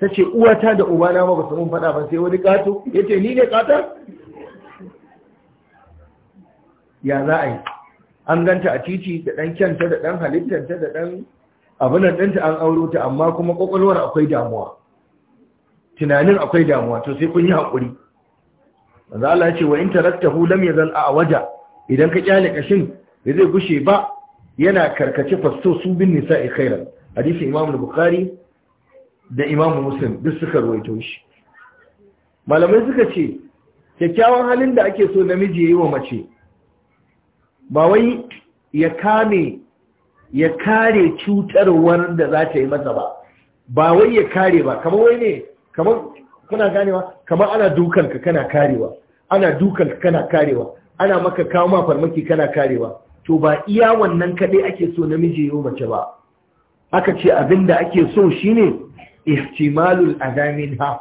A: tace uwata da ubana ma ba su mun fada ba sai wani kato yace ni ne katar ya za a yi an ganta a titi da ɗan kyanta da ɗan halittanta da ɗan abunan ɗanta an auro ta amma kuma ƙwaƙwalwar akwai damuwa tunanin akwai damuwa to sai kun yi haƙuri manzo Allah ya ce wa in taraktahu lam yazal waja idan ka kyale kashin da zai gushe ba yana karkace fasto su bin nisa nisa'i kaira, hadisi imam bukhari da imam muslim duk suka ruwaito shi malamai suka ce kyakkyawan halin da ake so namiji yayi wa mace ba wai ya kame ya kare cutarwar da za ta yi masa ba ba wai ya kare ba kamar wai ne kamar kuna ganewa kamar ana dukan ka kana karewa ana dukan ka kana karewa ana maka kawo ma farmaki kana karewa to ba iya wannan kaɗai ake so namiji yau mace ba aka ce abinda ake so shine ihtimalul azamin ha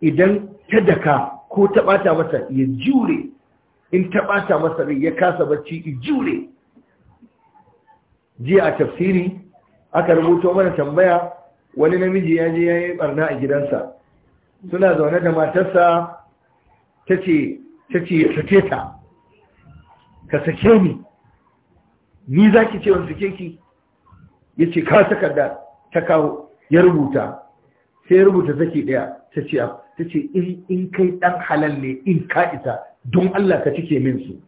A: idan ta daka ko ta bata masa ya jure in ta ɓata masa rai ya kasa bacci ya jure jiya a tafsiri aka rubuto mana tambaya wani namiji ya je ya yi barna a gidansa suna zaune da matarsa ta ce ta ce ta ka sake ni ni za ki ce wani sake ki ya ce kawo takarda ta kawo ya rubuta sai ya rubuta sake ɗaya ta ce ta ce in kai ɗan halal ne in ka isa don Allah ka cike min su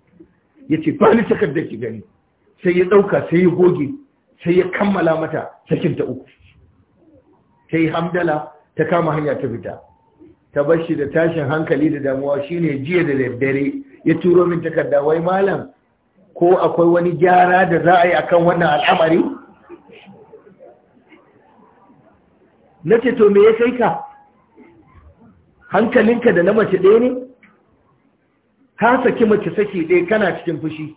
A: ya ce ba ni takarda ki gani sai ya ɗauka sai ya goge sai ya kammala mata ta uku ta yi hamdala ta kama hanya ta fita ta bar shi da tashin hankali da damuwa shine jiya da daddare ya turo min takarda wai malam ko akwai wani gyara da za a yi akan wannan al'amari na ce to me ya kai ka hankalinka da na mace ɗaya ne ka saki mace saki ɗaya kana cikin fushi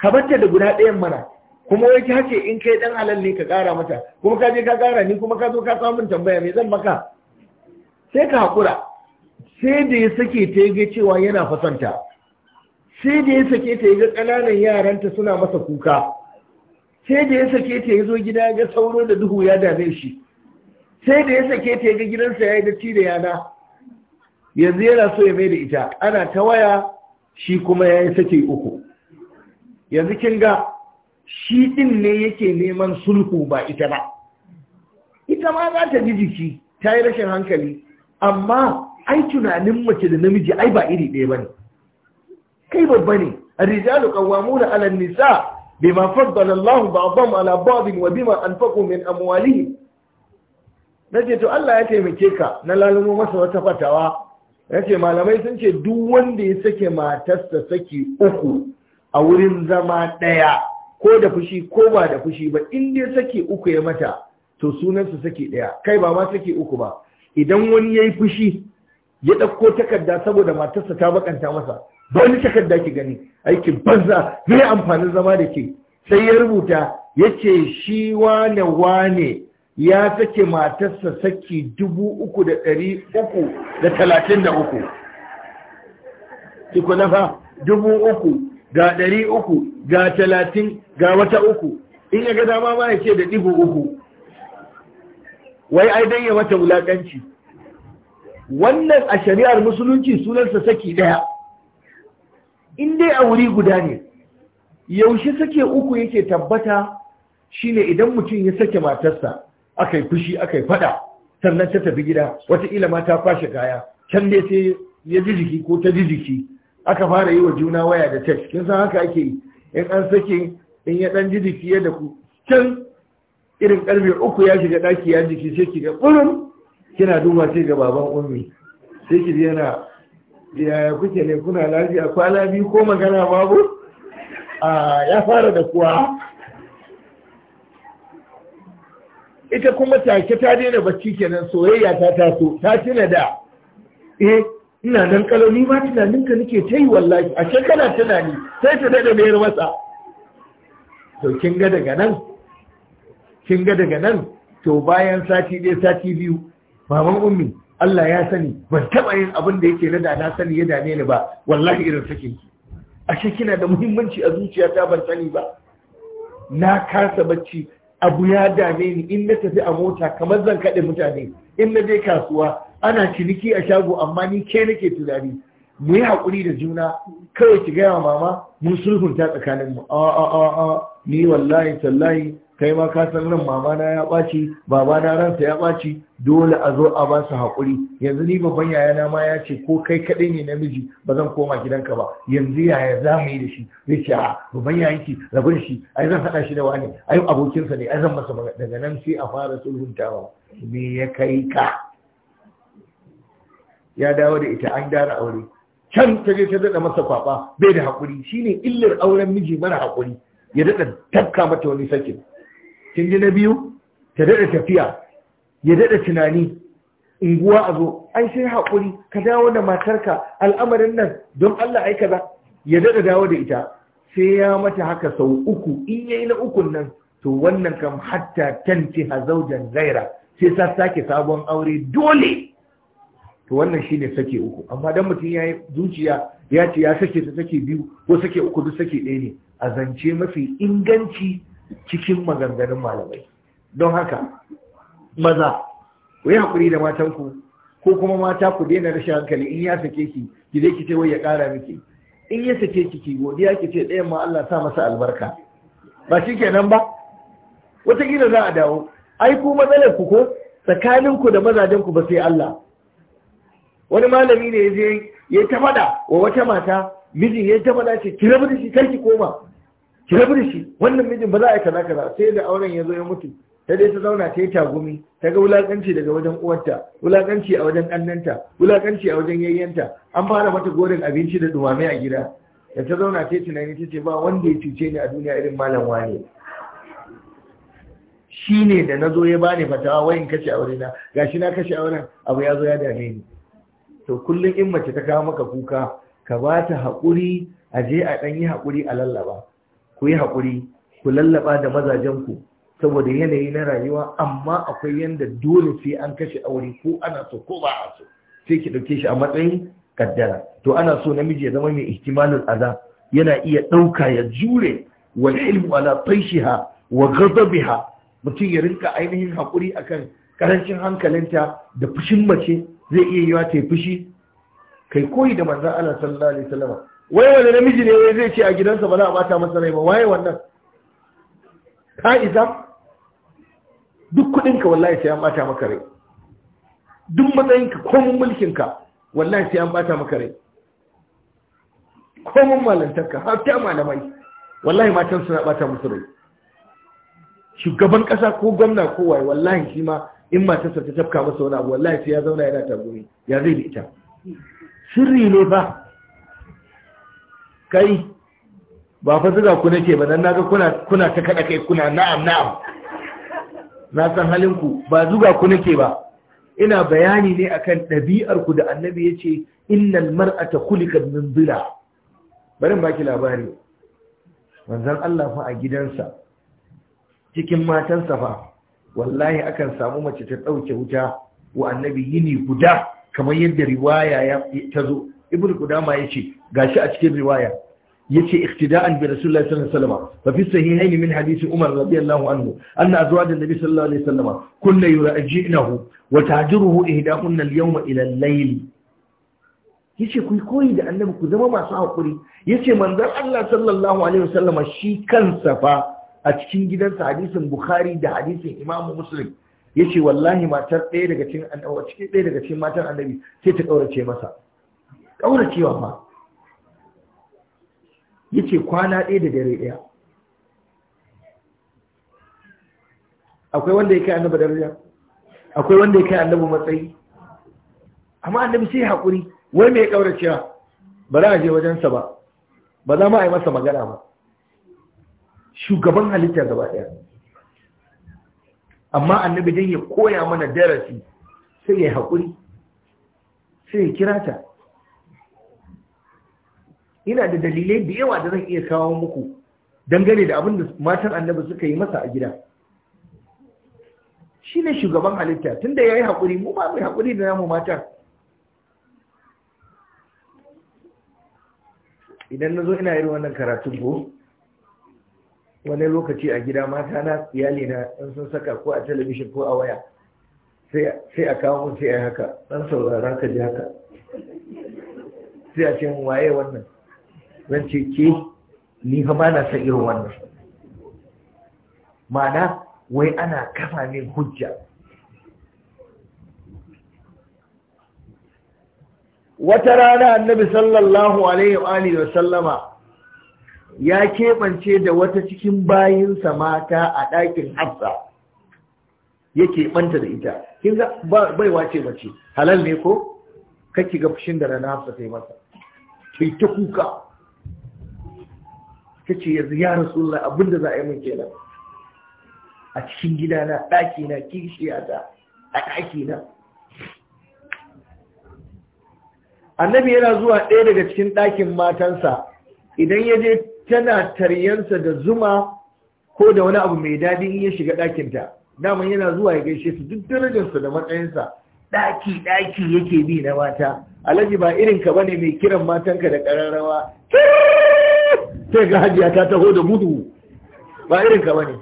A: ka batta da guda ɗayan mana kuma wai ki hake in kai dan halal ne ka ƙara mata kuma ka je ka ƙara ni kuma ka zo ka samu tambaya me zan maka sai ka haƙura sai da ya sake ta yi cewa yana fasanta sai da ya sake ta yi ga ƙananan yaranta suna masa kuka sai da ya sake ta yi zo gida ga sauro da duhu ya dame shi sai da ya sake ta yi ga gidansa ya yi datti da yana yanzu yana so ya mai da ita ana ta waya shi kuma ya yi sake uku yanzu kin ga shi ɗin ne yake neman sulhu ba ita ba ita ma za ta ji jiki ta yi rashin hankali amma ai tunanin mace da namiji ai ba iri ɗaya ba ne kai babba ne الرجال قوامون على النساء nisa? فضل الله بعضهم على بعض وبما أنفقوا min أموالهم nace to Allah ya taimake ka na lalumo masa wata fatawa nace malamai sun ce duk wanda ya sake matarsa saki uku a wurin zama ɗaya ko da fushi ko ba da fushi ba in dai saki uku ya mata to sunansa saki ɗaya kai ba ma saki uku ba idan wani ya yi fushi ya ɗauko takarda saboda matarsa ta bakanta masa ba wani takarda ki gani aikin banza mai amfanin zama da ke sai ya rubuta ya ce shi wane wane ya sake matarsa saki dubu uku da ɗari uku da talatin da uku. fa dubu uku ga ɗari uku ga talatin ga wata uku in ya ga dama ma ya ce da ɗigo uku wai ai dai ya mata wulaƙanci wannan a shari'ar musulunci sunansa saki ɗaya in dai a wuri guda ne yaushe sake uku yake tabbata shine idan mutum ya sake matarsa aka yi fushi aka yi fada sannan ta tafi gida Wata ma ta fashe kaya can dai sai ya ji jiki ko ta ji jiki aka fara yi wa juna waya da tek. kin san haka ake yi in an sake in ya dan ji jiki da ku can irin karfe uku ya shiga daki ya jiki sai ki ga kurum kina duba sai ga baban ummi sai ki ji yana yaya kuke ne kuna lafiya kwana biyu ko magana babu a ya fara da kuwa ita kuma take ta daina bacci kenan soyayya ta taso ta tuna da eh ina nan kaloni ba tunanin ka nake ta yi wallahi a can kana tunani sai ta daga mayar masa to kin ga daga nan kin ga daga nan to bayan sati ɗaya sati biyu maman ummi Allah ya sani ban taɓa yin abin da yake na da na sani ya dame ni ba wallahi irin sakin ki ashe kina da muhimmanci a zuciya ta ban sani ba na kasa bacci abu ya dame ni in na tafi a mota kamar zan kaɗe mutane in na je kasuwa ana ciniki a shago amma ni ke nake tunani mu yi haƙuri da juna kawai ki gaya mama mun sulhunta tsakanin mu ni wallahi tallahi kai ma ka san ran mama na ya ɓaci baba na ransa ya ɓaci dole a zo a basu su haƙuri yanzu ni babban yaya na ma ya ce ko kai kaɗai ne namiji ba zan koma gidanka ba yanzu yaya za mu yi da shi zai ce a babban yayan ki rabu da shi ai zan haɗa shi da wani ai abokinsa ne ai zan masa daga nan sai a fara sulhuntawa me ya kai ka ya dawo da ita an gyara aure can ta je ta daɗa masa kwaɓa bai da haƙuri shine illar auren miji mara haƙuri ya daɗa tafka mata wani sakin kin ji na biyu ta daɗa tafiya ya daɗa tunani unguwa a zo ai sai haƙuri ka dawo da matarka al'amarin nan don Allah ai kaza ya daɗa dawo da ita sai ya mata haka sau uku in yayi na ukun nan to wannan kam hatta tanti hazaujan gaira sai ta sake sabon aure dole to wannan shine sake uku amma dan mutum ya yi zuciya ya ce ya sake ta sake biyu ko sake uku duk sake ɗaya ne a zance mafi inganci cikin maganganun malamai don haka maza ku yi haƙuri da matanku ko kuma mata ku daina rashin hankali in ya sake ki ki zai ki ce wai ya ƙara miki in ya sake ki ki godiya ki ce ɗayan ma Allah sa masa albarka ba shi kenan ba Wata gida za a dawo ai ku matsalar ku ko tsakaninku da mazajen ku ba sai Allah wani malami ne ya je ya ta fada wa wata mata mijin ya ta fada ce ki rabu da kar ki koma ki rabu wannan mijin ba za a yi kaza kaza sai da auren ya zo ya mutu ta dai ta zauna ta yi tagumi ta ga wulakanci daga wajen uwarta wulakanci a wajen ƙannanta wulakanci a wajen yayyanta an fara mata gorin abinci da dumame a gida da ta zauna ta yi tunani ta ce ba wanda ya cuce ni a duniya irin malam wane shi ne da na zo ya bani fatawa wayin kashe aure na gashi na kashe auren abu ya zo ya dame ni to kullum in mace ta kawo maka kuka ka ba ta haƙuri a je a ɗan yi haƙuri a lallaba ku yi haƙuri ku lallaba da mazajenku saboda yanayi na rayuwa amma akwai yanda dole sai an kashe aure ko ana so ko ba a so sai ki ɗauke shi a matsayin kaddara to ana so namiji ya zama mai ihtimalin aza yana iya ɗauka ya jure wal ilmu ala taishiha wa ghadabiha mutum ya rinka ainihin haƙuri akan karancin hankalinta da fushin mace zai iya yiwa ta yi fushi kai koyi da manzan Allah sallallahu alaihi wasallam wai wani namiji ne zai ce a gidansa ba za a bata masa rai ba waye wannan ka isa duk kudinka wallahi sai an bata maka rai duk matsayinka komun mulkinka wallahi sai an bata maka rai komun malantarka har ta malamai wallahi matan suna bata musu rai shugaban kasa ko gwamna ko wai wallahi shi ma in matarsa ta tafka masa wani abu wallahi sai ya zauna yana tagumi ya zai da ita sirri ne ba kai ba fa zuga ku nake ba dan naga kuna kuna ta kada kai kuna na'am na'am na san halin ku ba zuga ku nake ba ina bayani ne akan ɗabi'ar ku da annabi yace innal mar'ata khuliqat min dhila bari in baki labari manzon Allah fa a gidansa cikin matansa fa wallahi akan samu mace ta ɗauke wuta wa annabi yini guda kamar yadda riwaya ta zo ibn qudama ce, gashi a cikin riwaya Ya yace iktida'an bi rasulullahi sallallahu alaihi wasallam fa fi sahihayn min hadisi umar radiyallahu anhu anna azwaj an-nabi sallallahu alaihi wasallam kunna yurajinahu wa tajiruhu ihdahunna al-yawma ila al-layl yace ku koyi da annabi ku zama masu hakuri yace manzon Allah sallallahu alaihi wasallam shi kansa fa a cikin gidansa hadisin bukhari da hadisin imamu muslim ya ce wallahi matar ɗaya daga cikin cikin ɗaya daga cikin matan annabi sai ta ƙaurace masa ƙauracewa ma ya ce kwana ɗaya da dare ɗaya akwai wanda ya kai annabi daraja akwai wanda ya kai annabi matsayi amma annabi sai haƙuri wai mai ƙauracewa ba za a je wajensa ba ba za ma a yi masa magana ba shugaban halitta gaba ɗaya. amma annabi dan ya koya mana darasi sai ya haƙuri sai ya kira ina da dalilai da yawa da zan iya kawo muku dangane da abin da matan annabi suka yi masa a gida shi ne shugaban halitta tunda ya yi haƙuri mu ba mai haƙuri da namu mata idan na zo ina yin wannan karatun ko wani lokaci a gida mata na iyali na in sun saka ko a talabishin ko a waya sai a kawo sai a haka dan saurara ka ji haka sai a ce waye wannan zan ce ke ni fa ba na san irin wannan ma'ana wai ana kafa min hujja wata rana annabi sallallahu alaihi wa sallama ya keɓance da wata cikin bayinsa mata a ɗakin hafsa ya keɓanta da ita kin ga bai ce mace halal ne ko kake ga fushin da rana hafsa ta yi masa kai ta kuka ta ce yanzu ya rasulullah abinda za a yi min kenan a cikin gidana na kishiyata a ɗaki na. annabi yana zuwa ɗaya daga cikin ɗakin matansa idan ya je tana taryansa da zuma ko da wani abu mai daɗi in ya shiga ɗakinta daman yana zuwa ya gaishe su duk darajarsa da matsayinsa ɗaki ɗaki yake bi na mata alhaji ba irin ka bane mai kiran matanka da ƙararrawa sai ga hajiya ta taho da gudu ba irin ka bane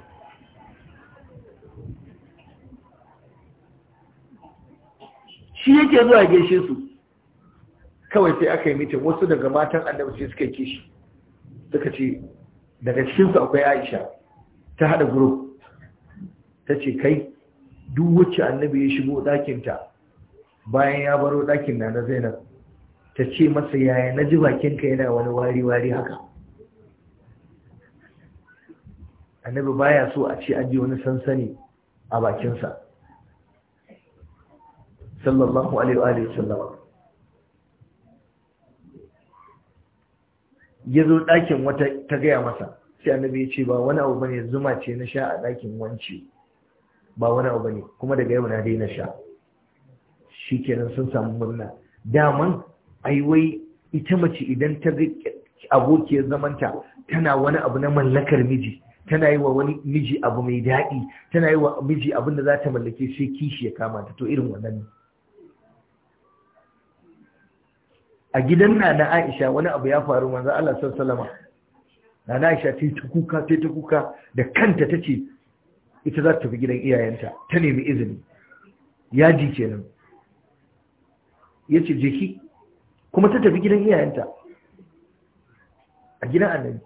A: shi yake zuwa gaishe su kawai sai aka yi mitin wasu daga matan annabci suka kishi suka ce daga cikinsu akwai aisha ta hada group ta ce kai duk wacce annabi ya shigo ɗakinta bayan ya baro ɗakin na na zainab ta ce masa yaya na ji bakinka yana wani wari-wari haka annabi baya so a ce an ji wani sansani a bakinsa sallallahu alaihi wa ya zo ɗakin wata ta gaya masa sai annabi ya ce ba wani abu bane zuma ce na sha a ɗakin wanci ba wani abu bane kuma daga yau na daina sha shi kenan sun samu murna daman ai wai ita mace idan ta ga abokiyar zamanta tana wani abu na mallakar miji tana yi wa wani miji abu mai daɗi tana yi wa miji abin da za ta mallake sai kishi ya kama ta to irin wannan ne a gidan nana Aisha wani abu ya faru manzo Allah sallallahu alaihi nana Aisha ta ta kuka ta ta kuka da kanta tace ita za ta tafi gidan iyayenta ta nemi izini Ya nan, kenan yace jeki kuma ta tafi gidan iyayenta a gidan annabi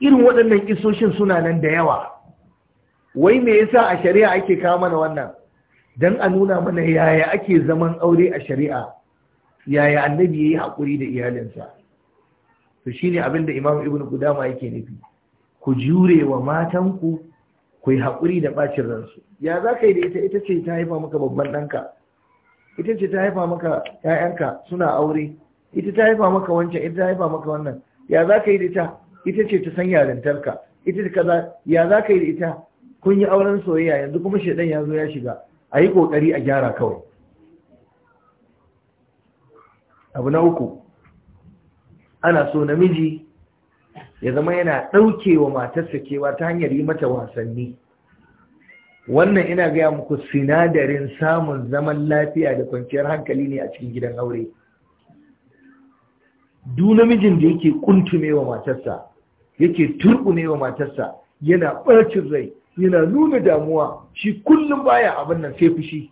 A: irin waɗannan isoshin suna nan da yawa wai me yasa a shari'a ake kawo mana wannan dan a nuna mana yaya ake zaman aure a shari'a yaya annabi yayi hakuri da iyalinsa to shine abin da Imam ibnu Qudama yake nufi ku jure wa matanku ku yi hakuri da bacin ransu ya za ka yi da ita ita ce ta haifa maka babban ɗanka ita ce ta haifa maka ‘ya'yanka suna aure ita ta haifa maka wancan ita ta haifa maka wannan ya za ka yi da ita ita ce ta san yarintarka ita ce kaza ya za ka yi da ita kun yi auren soyayya yanzu kuma shaidan ya zo ya shiga a yi kokari a gyara kawai abu na uku ana so namiji ya zama yana ɗauke wa matarsa kewa ta hanyar yi mata wasanni wannan ina gaya muku sinadarin samun zaman lafiya da kwanciyar hankali ne a cikin gidan aure du namijin da yake kuntume wa matarsa yake turkume wa matarsa yana ɓarcin rai yana nuna damuwa shi kullum baya abin nan sai fushi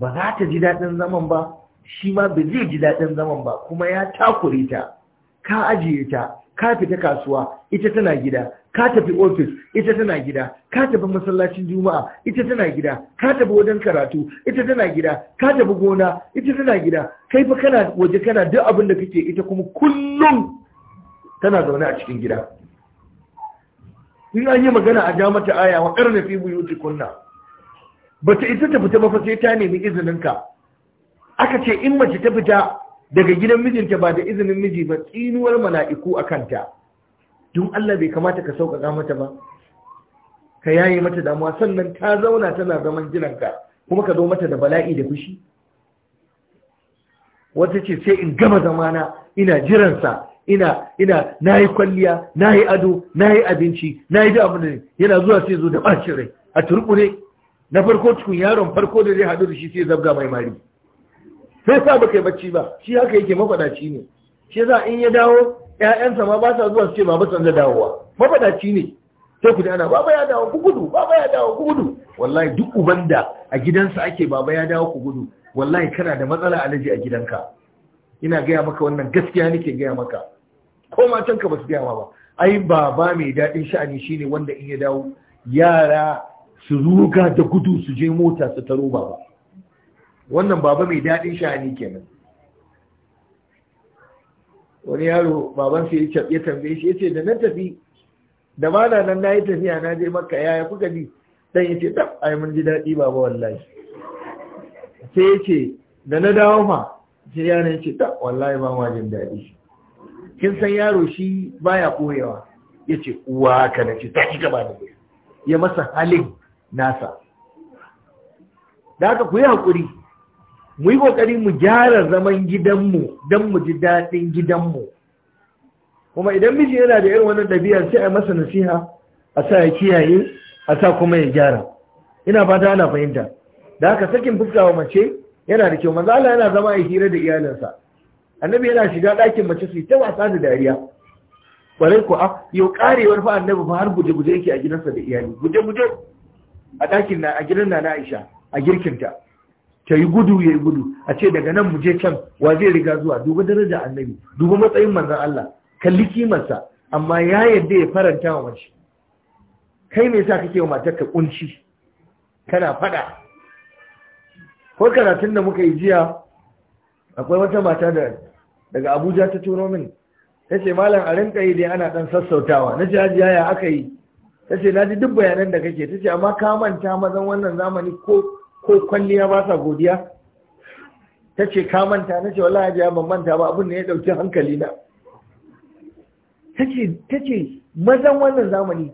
A: ba za ta ji daɗin zaman ba shi ma ba zai ji daɗin zaman ba kuma ya takure ta ka ajiye ta ka fita kasuwa ita tana gida ka tafi ofis ita tana gida ka tafi masallacin juma'a ita tana gida ka tafi wajen karatu ita tana gida ka tafi gona ita tana gida kai fa kana waje kana duk abin da kake ita kuma kullum tana zaune a cikin gida in an yi magana a ja mata aya wa ƙarna fi buyuti kunna ba ta ita ta fita ba sai ta nemi izininka aka ce in mace ta fita daga gidan mijinta ba da izinin miji ba tsinuwar mala'iku a kanta don Allah bai kamata ka sauƙaƙa mata ba ka yaye mata damuwa sannan ta zauna tana zaman jiranka kuma ka zo mata da bala'i da fushi wata ce sai in gama zamana ina jiransa ina ina na yi kwalliya na yi ado na yi abinci na nayi da ne yana zuwa sai zo da bacin rai a turku ne na farko tukun yaron farko da zai hadu da shi sai zabga mai mari sai sa baka yi bacci ba shi haka yake mafadaci ne shi za in ya dawo ƴaƴansa ma ba sa zuwa su ce baba da dawowa mafadaci ne sai ku ana baba ya dawo ku gudu baba ya dawo ku gudu wallahi duk ubanda a gidansa ake baba ya dawo ku gudu wallahi kana da matsala alaji a gidanka ina gaya maka wannan gaskiya nake gaya maka ko matanka ka basu gaya ba ai baba mai daɗin sha'ani shine wanda in ya dawo yara su ruga da gudu su je mota su taro baba wannan baba mai daɗin sha'ani kenan wani yaro baban sai ya tambaye shi yace da nan tafi da nan na nan nayi tafiya na je maka yaya kuka ji dan yace dab ai mun ji daɗi baba wallahi sai yace da na dawo ma sai yaron ce ta wallahi ba ma jin daɗi kin san yaro shi baya koyewa ya ce uwa ka na ce ta ki gaba da ya masa halin nasa da haka ku yi haƙuri mu yi ƙoƙari mu gyara zaman gidanmu don mu ji daɗin gidanmu kuma idan miji yana da irin wannan ɗabi'a sai a masa nasiha a sa ya kiyaye a sa kuma ya gyara ina fata ana fahimta da haka sakin fuska wa mace yana da kyau manzo Allah yana zama a hira da iyalinsa annabi yana shiga ɗakin mace su ta wasa da dariya bare ku a yau karewar fa annabi fa har guje-guje yake a gidansa da iyali guje-guje a ɗakin na a gidan na Aisha a girkinta ta yi gudu ya yi gudu a ce daga nan mu je can wa zai riga zuwa duba daraja annabi duba matsayin manzon Allah kalli kimarsa amma ya yadda ya faranta wa mace kai me yasa kake wa matar ka kunci kana fada ko karatun da muka yi jiya akwai wata mata da daga abuja ta turo min ta ce malam a rinka yi dai ana dan sassautawa na ce hajiya ya aka yi ta ce na ji duk bayanan da kake ta ce amma ka manta mazan wannan zamani ko kwalliya ba sa godiya ta ce ka manta na ce wallahi hajiya ban manta ba abin da ya dauki hankali na ta ce mazan wannan zamani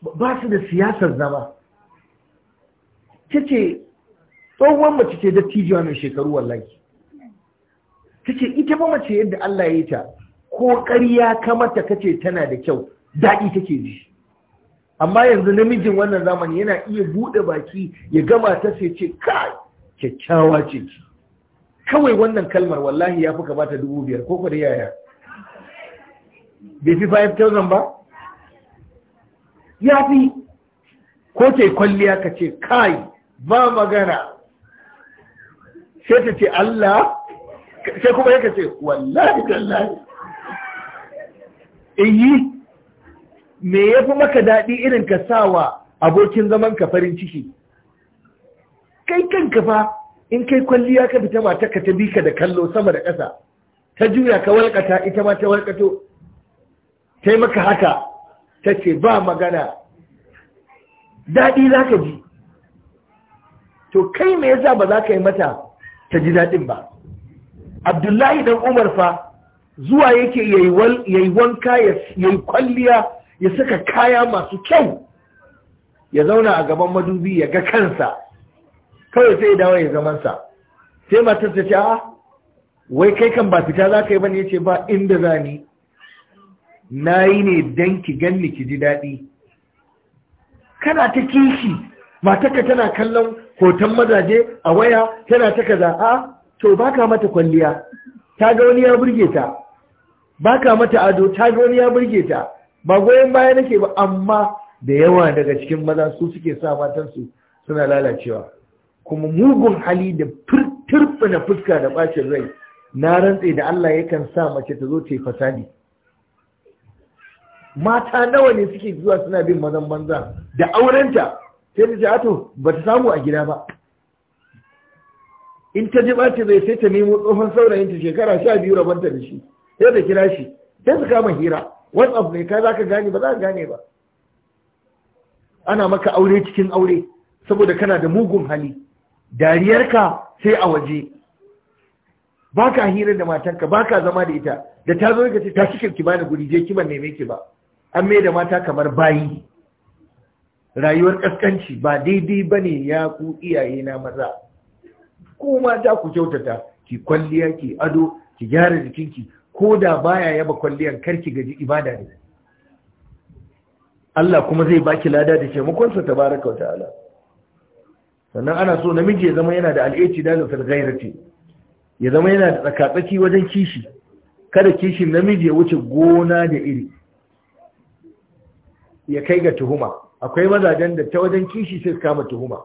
A: ba su da siyasar zama ta ce tsohuwan mace ce dattijuwa mai shekaru wallahi ta ce ita ba mace yadda Allah ya yi ta ko ƙarya ka ta kace tana da kyau daɗi take ji amma yanzu namijin wannan zamani yana iya buɗe baki ya gama ta sai ce kai kyakkyawa ce kawai wannan kalmar wallahi ya fi ka bata dubu biyar ko da yaya bai fi 5,000 ba ya fi ko ce kwalliya ka ce kai ba magana sai ta ce Allah sai kuma yaka ce wallahi wallahi iyi me ya fi maka daɗi irin ka sawa abokin zaman ka farin ciki kai kanka fa in kai kwalliya ka fita mata ka ta bi ka da kallo sama da ƙasa ta juya ka walƙata ita ma ta walƙato ta yi maka haka ta ce ba magana daɗi za ka ji to kai me yasa ba za ka yi mata ta ji daɗin ba abdullahi dan umar fa zuwa yake yayi wanka yayi kwalliya ya saka kaya masu kyau ya zauna a gaban madubi ya ga kansa kawai sai ya dawo ya zamansa sai matar ta ce wai kai kan ba fita za ka yi bane ya ce ba inda za ni na yi ne dan ki ganni ki ji daɗi kana ta kishi matarka tana kallon hoton mazaje a waya tana ta kaza a to baka mata kwalliya ta ga wani ya burge ta baka mata ado ta ga wani ya burge ta ba goyon baya nake ba amma da yawa daga cikin maza su suke sa matansu suna lalacewa kuma mugun hali da na fuska da bacin rai na rantse da Allah yakan sa mace ta zo ta yi fasadi mata nawa ne suke zuwa suna bin mazan banza da aurenta sai ta ce ato ba ta samu a gida ba in ta ji ɓaci zai sai ta nemo tsohon saurayin ta shekara sha biyu rabanta da shi sai da kira shi sai su kama hira whatsapp ne ka za ka gane ba za ka gane ba ana maka aure cikin aure saboda kana da mugun hali dariyarka sai a waje ba ka hira da matanka ba ka zama da ita da ta zo ka ce ta cikin ki bani guri je kiban neme ki ba an mai da mata kamar bayi rayuwar kaskanci ba daidai ba ne ya ku iyaye na maza ko mata ku kyautata ki kwalliya ki ado ki gyara jikinki ko da baya yaba kwalliyan karki gaji ibada ne Allah kuma zai baki lada da taimakonsa tabaraka wa ta'ala sannan ana so namiji ya zama yana da al'aici da fil ghairati ya zama yana da tsakatsaki wajen kishi kada kishin namiji ya wuce gona da iri ya kai ga tuhuma akwai mazajen da ta wajen kishi sai su kama tuhuma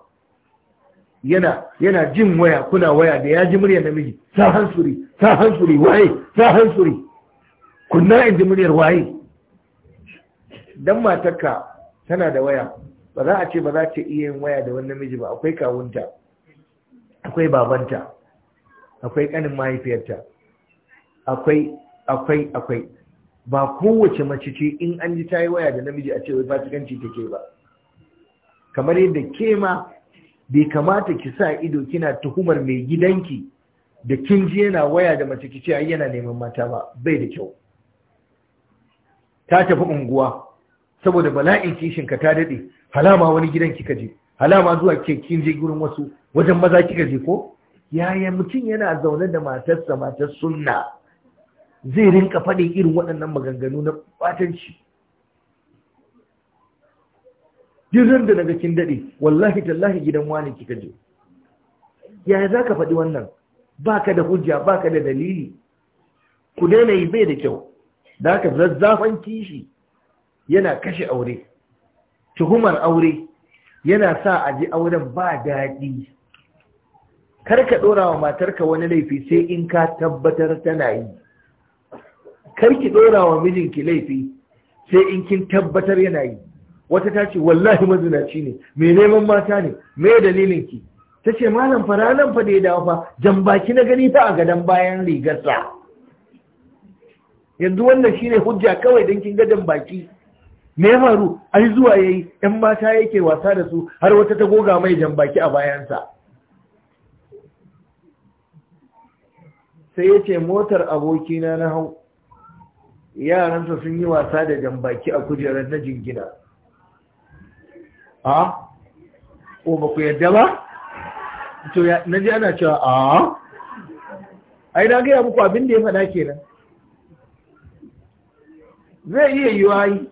A: yana yana jin waya kuna waya da ya ji muryar namiji sa hansuri sa hansuri waye sa hansuri kunna in ji muryar waye dan matarka tana da waya ba za a ce ba za ta iya yin waya da wani namiji ba akwai kawunta akwai babanta akwai kanin mahaifiyarta akwai akwai akwai ba kowace mace ce in an ji ta yi waya da namiji a cewa fasikanci take ba kamar yadda ke ma bai kamata ki sa ido kina tuhumar mai gidanki da kin ji yana waya da mace ki ce ai yana neman mata ba bai da kyau ta tafi unguwa saboda bala'in kishin ka ta dade halama wani gidan kika je halama zuwa ke kin je gurin wasu wajen maza kika je ko yaya mutum yana zaune da matarsa matar sunna zai rinka faɗi irin waɗannan maganganu na ɓatanci jiran da daga kin daɗe wallahi tallahi gidan wani kika je yaya za ka faɗi wannan Ba ka da hujja ba ka da dalili ku daina yi bai da kyau da haka zazzafan kishi yana kashe aure tuhumar aure yana sa a ji auren ba daɗi kar ka ɗora wa matarka wani laifi sai in ka tabbatar tana yi kar ki dora wa mijinki laifi sai in kin tabbatar yana yi wata ta ce wallahi mazinaci ne mai neman mata ne me dalilin ki ta ce malam fa ranar fa da ya dawo fa jan baki na gani ta a gadon bayan rigarsa yanzu wannan shine hujja kawai don kin gadon baki me faru ai zuwa yayi yan mata yake wasa da su har wata ta goga mai jan baki a bayansa sai ya ce motar abokina na hau yaransa sun yi wasa da jambaki a kujerar na jingina a ko ba ku yadda ba to na ji ana cewa a ai na gaya muku abin da ya faɗa kenan zai iya yiwa yi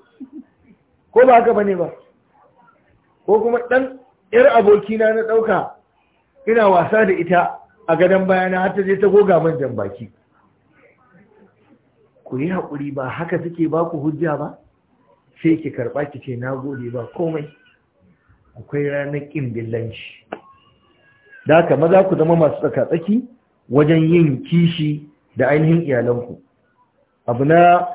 A: ko ba haka bane ba ko kuma dan ‘yar abokina na ɗauka ina wasa da ita a gadon bayana har ta je ta goga man jambaki baki ku yi haƙuri ba haka suke ba ku hujja ba sai ki karɓa ki ce na gode ba komai akwai ranar ƙin billanci da haka maza ku zama masu tsaka-tsaki wajen yin kishi da ainihin iyalanku abu na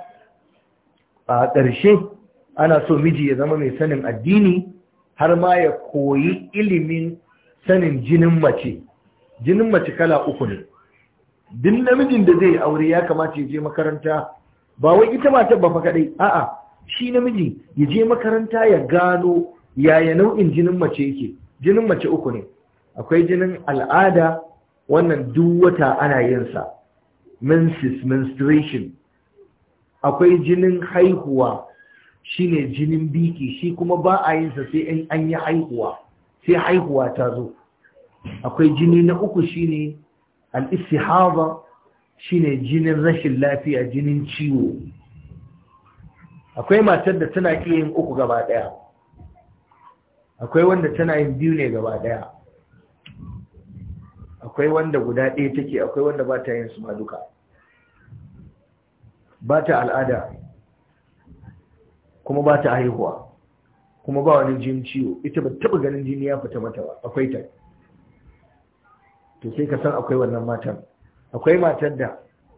A: a ƙarshe ana so miji ya zama mai sanin addini har ma ya koyi ilimin sanin jinin mace jinin mace kala uku ne duk namijin da zai aure ya kamata ya je makaranta ba wai ita matar ba fa kadai a'a shi namiji ya je makaranta ya gano yaya nau'in jinin mace yake jinin mace uku ne akwai jinin al'ada wannan duk wata ana yin sa menses menstruation akwai jinin haihuwa shine jinin biki shi kuma ba a yin sa sai an yi haihuwa sai haihuwa ta zo akwai jini na uku shine al-istihada shine jinin rashin lafiya jinin ciwo akwai matar da tana iya yin uku gaba daya akwai wanda tana yin biyu ne gaba daya akwai wanda guda ɗaya take akwai wanda ba ta yin su ma duka ba ta al'ada kuma ba ta haihuwa kuma ba wani jin ciwo ita ba taɓa ganin jini ya fita mata ba akwai ta to sai ka san akwai wannan matan akwai matan da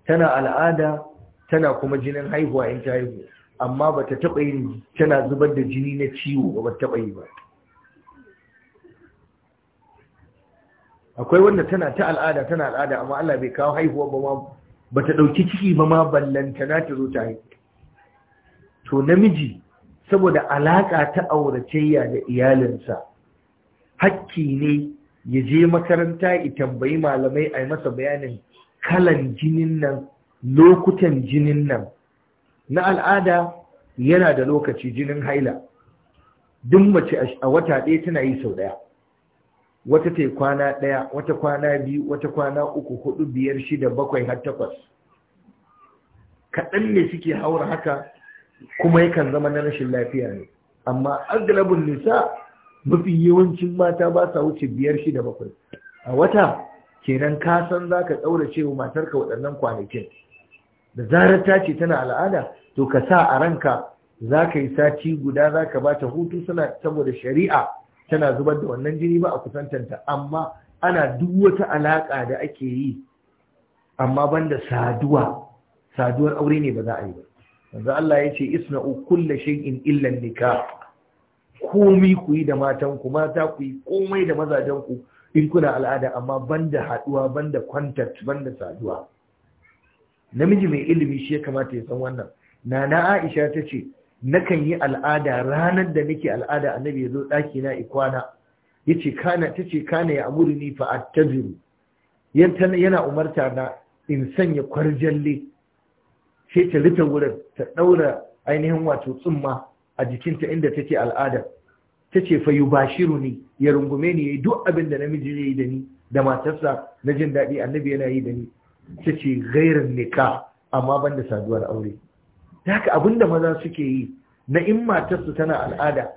A: tana al'ada tana kuma jinin haihuwa in ta haihu amma ba ta taɓa yin tana zubar da jini na ciwo ba ta taɓa yi ba akwai wanda tana ta al'ada tana al'ada amma Allah bai kawo haihuwa ba ma ba ta ɗauki ciki ba ma tana ta zo ta haihu to namiji saboda alaƙa ta auratayya da iyalinsa hakki ne ya je makaranta ya tambayi malamai a masa bayanin kalan jinin nan lokutan jinin nan na al'ada yana da lokaci jinin haila duk mace a wata ɗaya tana yi sau ɗaya wata ta kwana ɗaya wata kwana biyu wata kwana uku hudu biyar shida bakwai har takwas kaɗan ne suke haura haka kuma yakan zama na rashin lafiya ne amma agrabin nisa mafi yawancin mata ba sa wuce biyar shida bakwai a wata kenan ka san za ka cewa wa matarka waɗannan kwanakin da zarar ta ce tana al'ada to ka sa a ranka za ka yi sati guda za ka ba ta hutu suna saboda shari'a tana zubar da wannan jini ba a kusantanta amma ana duk wata alaƙa da ake yi amma banda saduwa saduwar aure ne ba za a yi ba yanzu Allah ya ce isna'u kulla shay'in illa nikah komai ku yi da matanku mata ku yi komai da mazajenku in kuna al'ada amma banda haduwa banda contact banda saduwa namiji mai ilimi shi ya kamata ya san wannan nana Aisha ta ce nakan yi al'ada ranar da nake al'ada annabi ya zo daki na ikwana yace kana tace kana ya ni fa attaziru yana umarta na in sanya kwarjalle sai ta rufe wurin ta ɗaura ainihin wato tsumma a jikinta inda take al'ada ta ce fa shiru ne ya rungume ni yi duk abin da namiji zai yi da ni da matarsa na jin daɗi annabi yana yi da ni ta ce gairin nika amma ban da saduwar aure haka abin da maza suke yi na in matarsa tana al'ada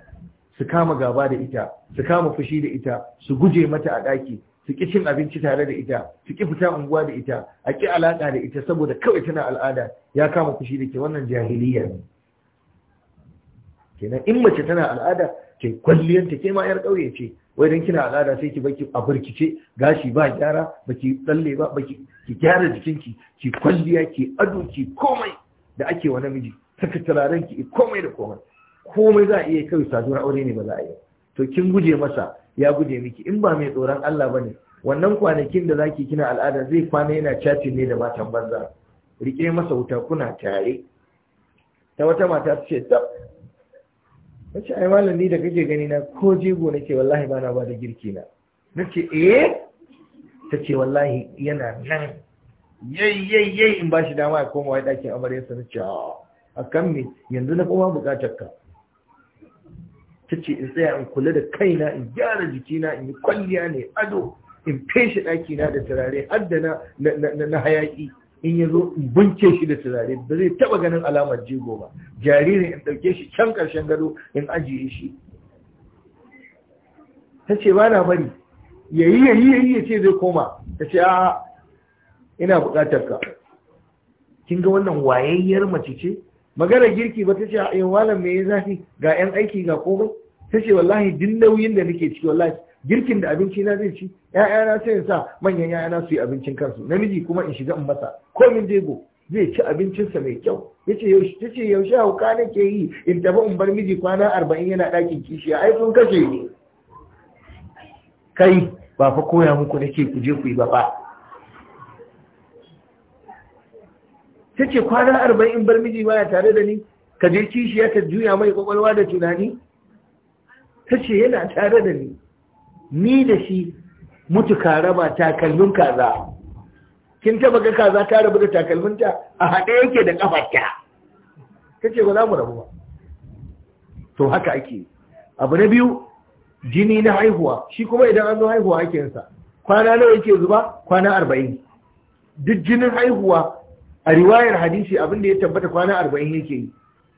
A: su kama gaba da ita su kama fushi da ita su guje mata a ɗaki su ƙi cin abinci tare da ita su ƙi fita unguwa da ita a ƙi alaƙa da ita saboda kawai tana al'ada ya kama fushi da ke wannan jahiliya ne kenan in mace tana al'ada ke kwalliyanta ke ma yar ƙauye ce wai dan kina al'ada sai ki baki a burkice gashi ba gyara baki tsalle ba baki ki gyara jikinki ki kwalliya ki ado ki komai da ake wa namiji saka turaren ki komai da komai komai za a iya kai saduwar aure ne ba za a yi to kin guje masa ya guje miki in ba mai tsoron Allah bane wannan kwanakin da zaki kina al'ada zai kwana yana chatting ne da matan banza rike masa wuta kuna tare ta wata mata ta ce nace ai malami da kake gani na ko jego nake wallahi ba na ba da girki na nace eh ce, wallahi yana nan yayi yayi yayi in ba shi dama ya koma wai dakin amaryarsa nace ah, a kan me yanzu na kuma bukatar ka tace in tsaya in kula da kaina in gyara jikina in yi kwalliya ne ado in feshe ɗakina da turare har da na hayaki in ya zo in bunce shi da turare ba zai taba ganin alamar jigo ba jaririn in ɗauke shi can karshen gado in ajiye shi ta ce ba na bari yayi ya yi ya ce zai koma ta ce a ina buƙatar ka kin ga wannan wayayyar mace ce magana girki ba ta ce a yin wala me ya zafi ga yan aiki ga komai ta ce wallahi din nauyin da nake ciki wallahi girkin da abinci na zai ci ƴaƴana sai in sa manyan ƴaƴana su yi abincin kansu namiji kuma in shiga in masa Ko min jego zai ci abincinsa mai kyau yace yaushe yaushe hauka nake yi in tafi in bar miji kwana arba'in yana ɗakin kishiya ai sun kashe ni kai ba fa koya muku nake ku je ku yi ba ba tace kwana arba'in bar miji baya tare da ni ka je kishiya ta juya mai kwakwalwa da tunani tace yana tare da ni ni da shi mutu ka raba takalmin kaza kin taba ga kaza ta rabu da takalminta a haɗe yake da kafarta kace ba za mu rabu ba to haka ake abu na biyu jini na haihuwa shi kuma idan an zo haihuwa ake yinsa kwana nawa yake zuba kwana arba'in duk jinin haihuwa a riwayar hadisi abin da ya tabbata kwana arba'in yake yi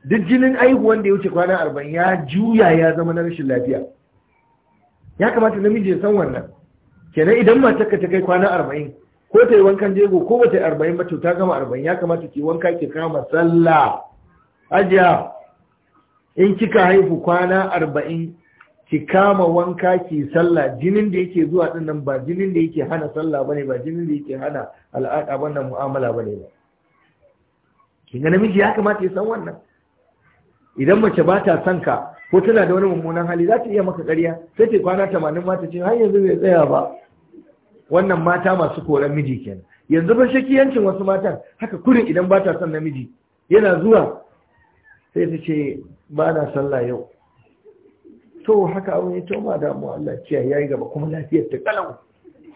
A: duk jinin haihuwan da ya wuce kwana arba'in ya juya ya zama na rashin lafiya ya kamata namiji ya san wannan kenan idan mata ka ta kai kwana arba'in ko ta yi wankan jego ko ba ta yi arba'in ba ta gama arba'in ya kamata ki wanka ki kama sallah ajiya in kika haihu kwana arba'in ki kama wanka ki sallah jinin da yake zuwa din nan ba jinin da yake hana sallah bane ba jinin da yake hana al'ada wannan mu'amala bane ba kin ga namiji ya kamata ya san wannan idan mace ba ta son ka ko tana da wani mummunan hali za ta iya maka ƙarya sai ta kwana tamanin mata ce har yanzu bai tsaya ba wannan mata masu koran miji kenan yanzu ba 'yancin wasu matan haka kurin idan ba ta son namiji yana zuwa sai ta ce ba na sallah yau to haka abin ya toma mu Allah ciya yayi gaba kuma lafiyar ta kalau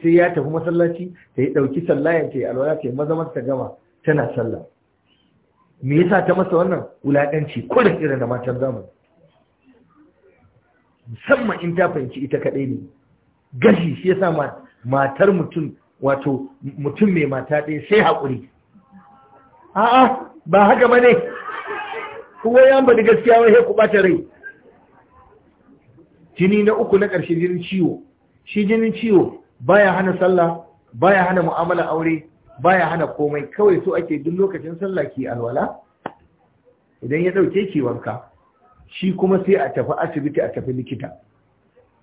A: sai ya tafi masallaci ta yi dauki sallah ya ce alwala ce maza ta gama tana sallah me yasa ta masa wannan wulakanci kurin irin da matan zamani musamman in ta fahimci ita kaɗai ne gashi shi yasa matar mutum wato mutum mai mata ɗaya sai haƙuri a'a ba haka ba ne kuwa ya da gaskiya wai ku ɓata rai jini na uku na ƙarshe jinin ciwo shi jinin ciwo baya hana sallah baya hana mu'amala aure baya hana komai kawai so ake duk lokacin sallah ki alwala idan ya ɗauke ki wanka shi kuma sai a tafi asibiti a tafi likita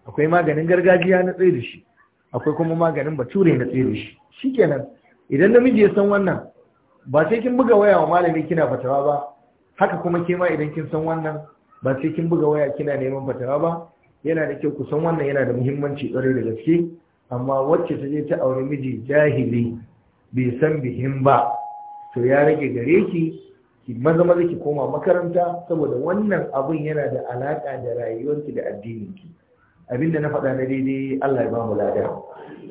A: akwai maganin gargajiya na tsaye da shi akwai kuma maganin bature na tsaye da shi Shi kenan, idan namiji ya san wannan ba sai kin buga waya wa malami kina fatawa ba haka kuma ke ma idan kin san wannan ba sai kin buga waya kina neman fatawa ba yana da kyau ku san wannan yana da muhimmanci tsare da gaske amma wacce ta je ta aure miji jahili bai san bihin ba to ya rage gare ki ki maza maza ki koma makaranta saboda wannan abun yana da alaka da rayuwarki da addininki abinda na faɗa na daidai Allah ya ba mu lada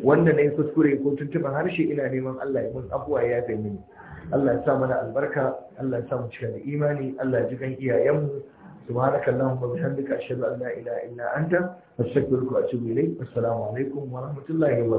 A: wanda na yi kuskure ko tuntuban harshe ina neman Allah ya mun ya fi mini Allah ya sa mana albarka Allah ya sa mu cika da imani Allah ya ji kan iyayenmu سبحانك اللهم وبحمدك أشهد أن لا إله إلا أنت أستغفرك وأتوب إليك والسلام عليكم ورحمة الله وبركاته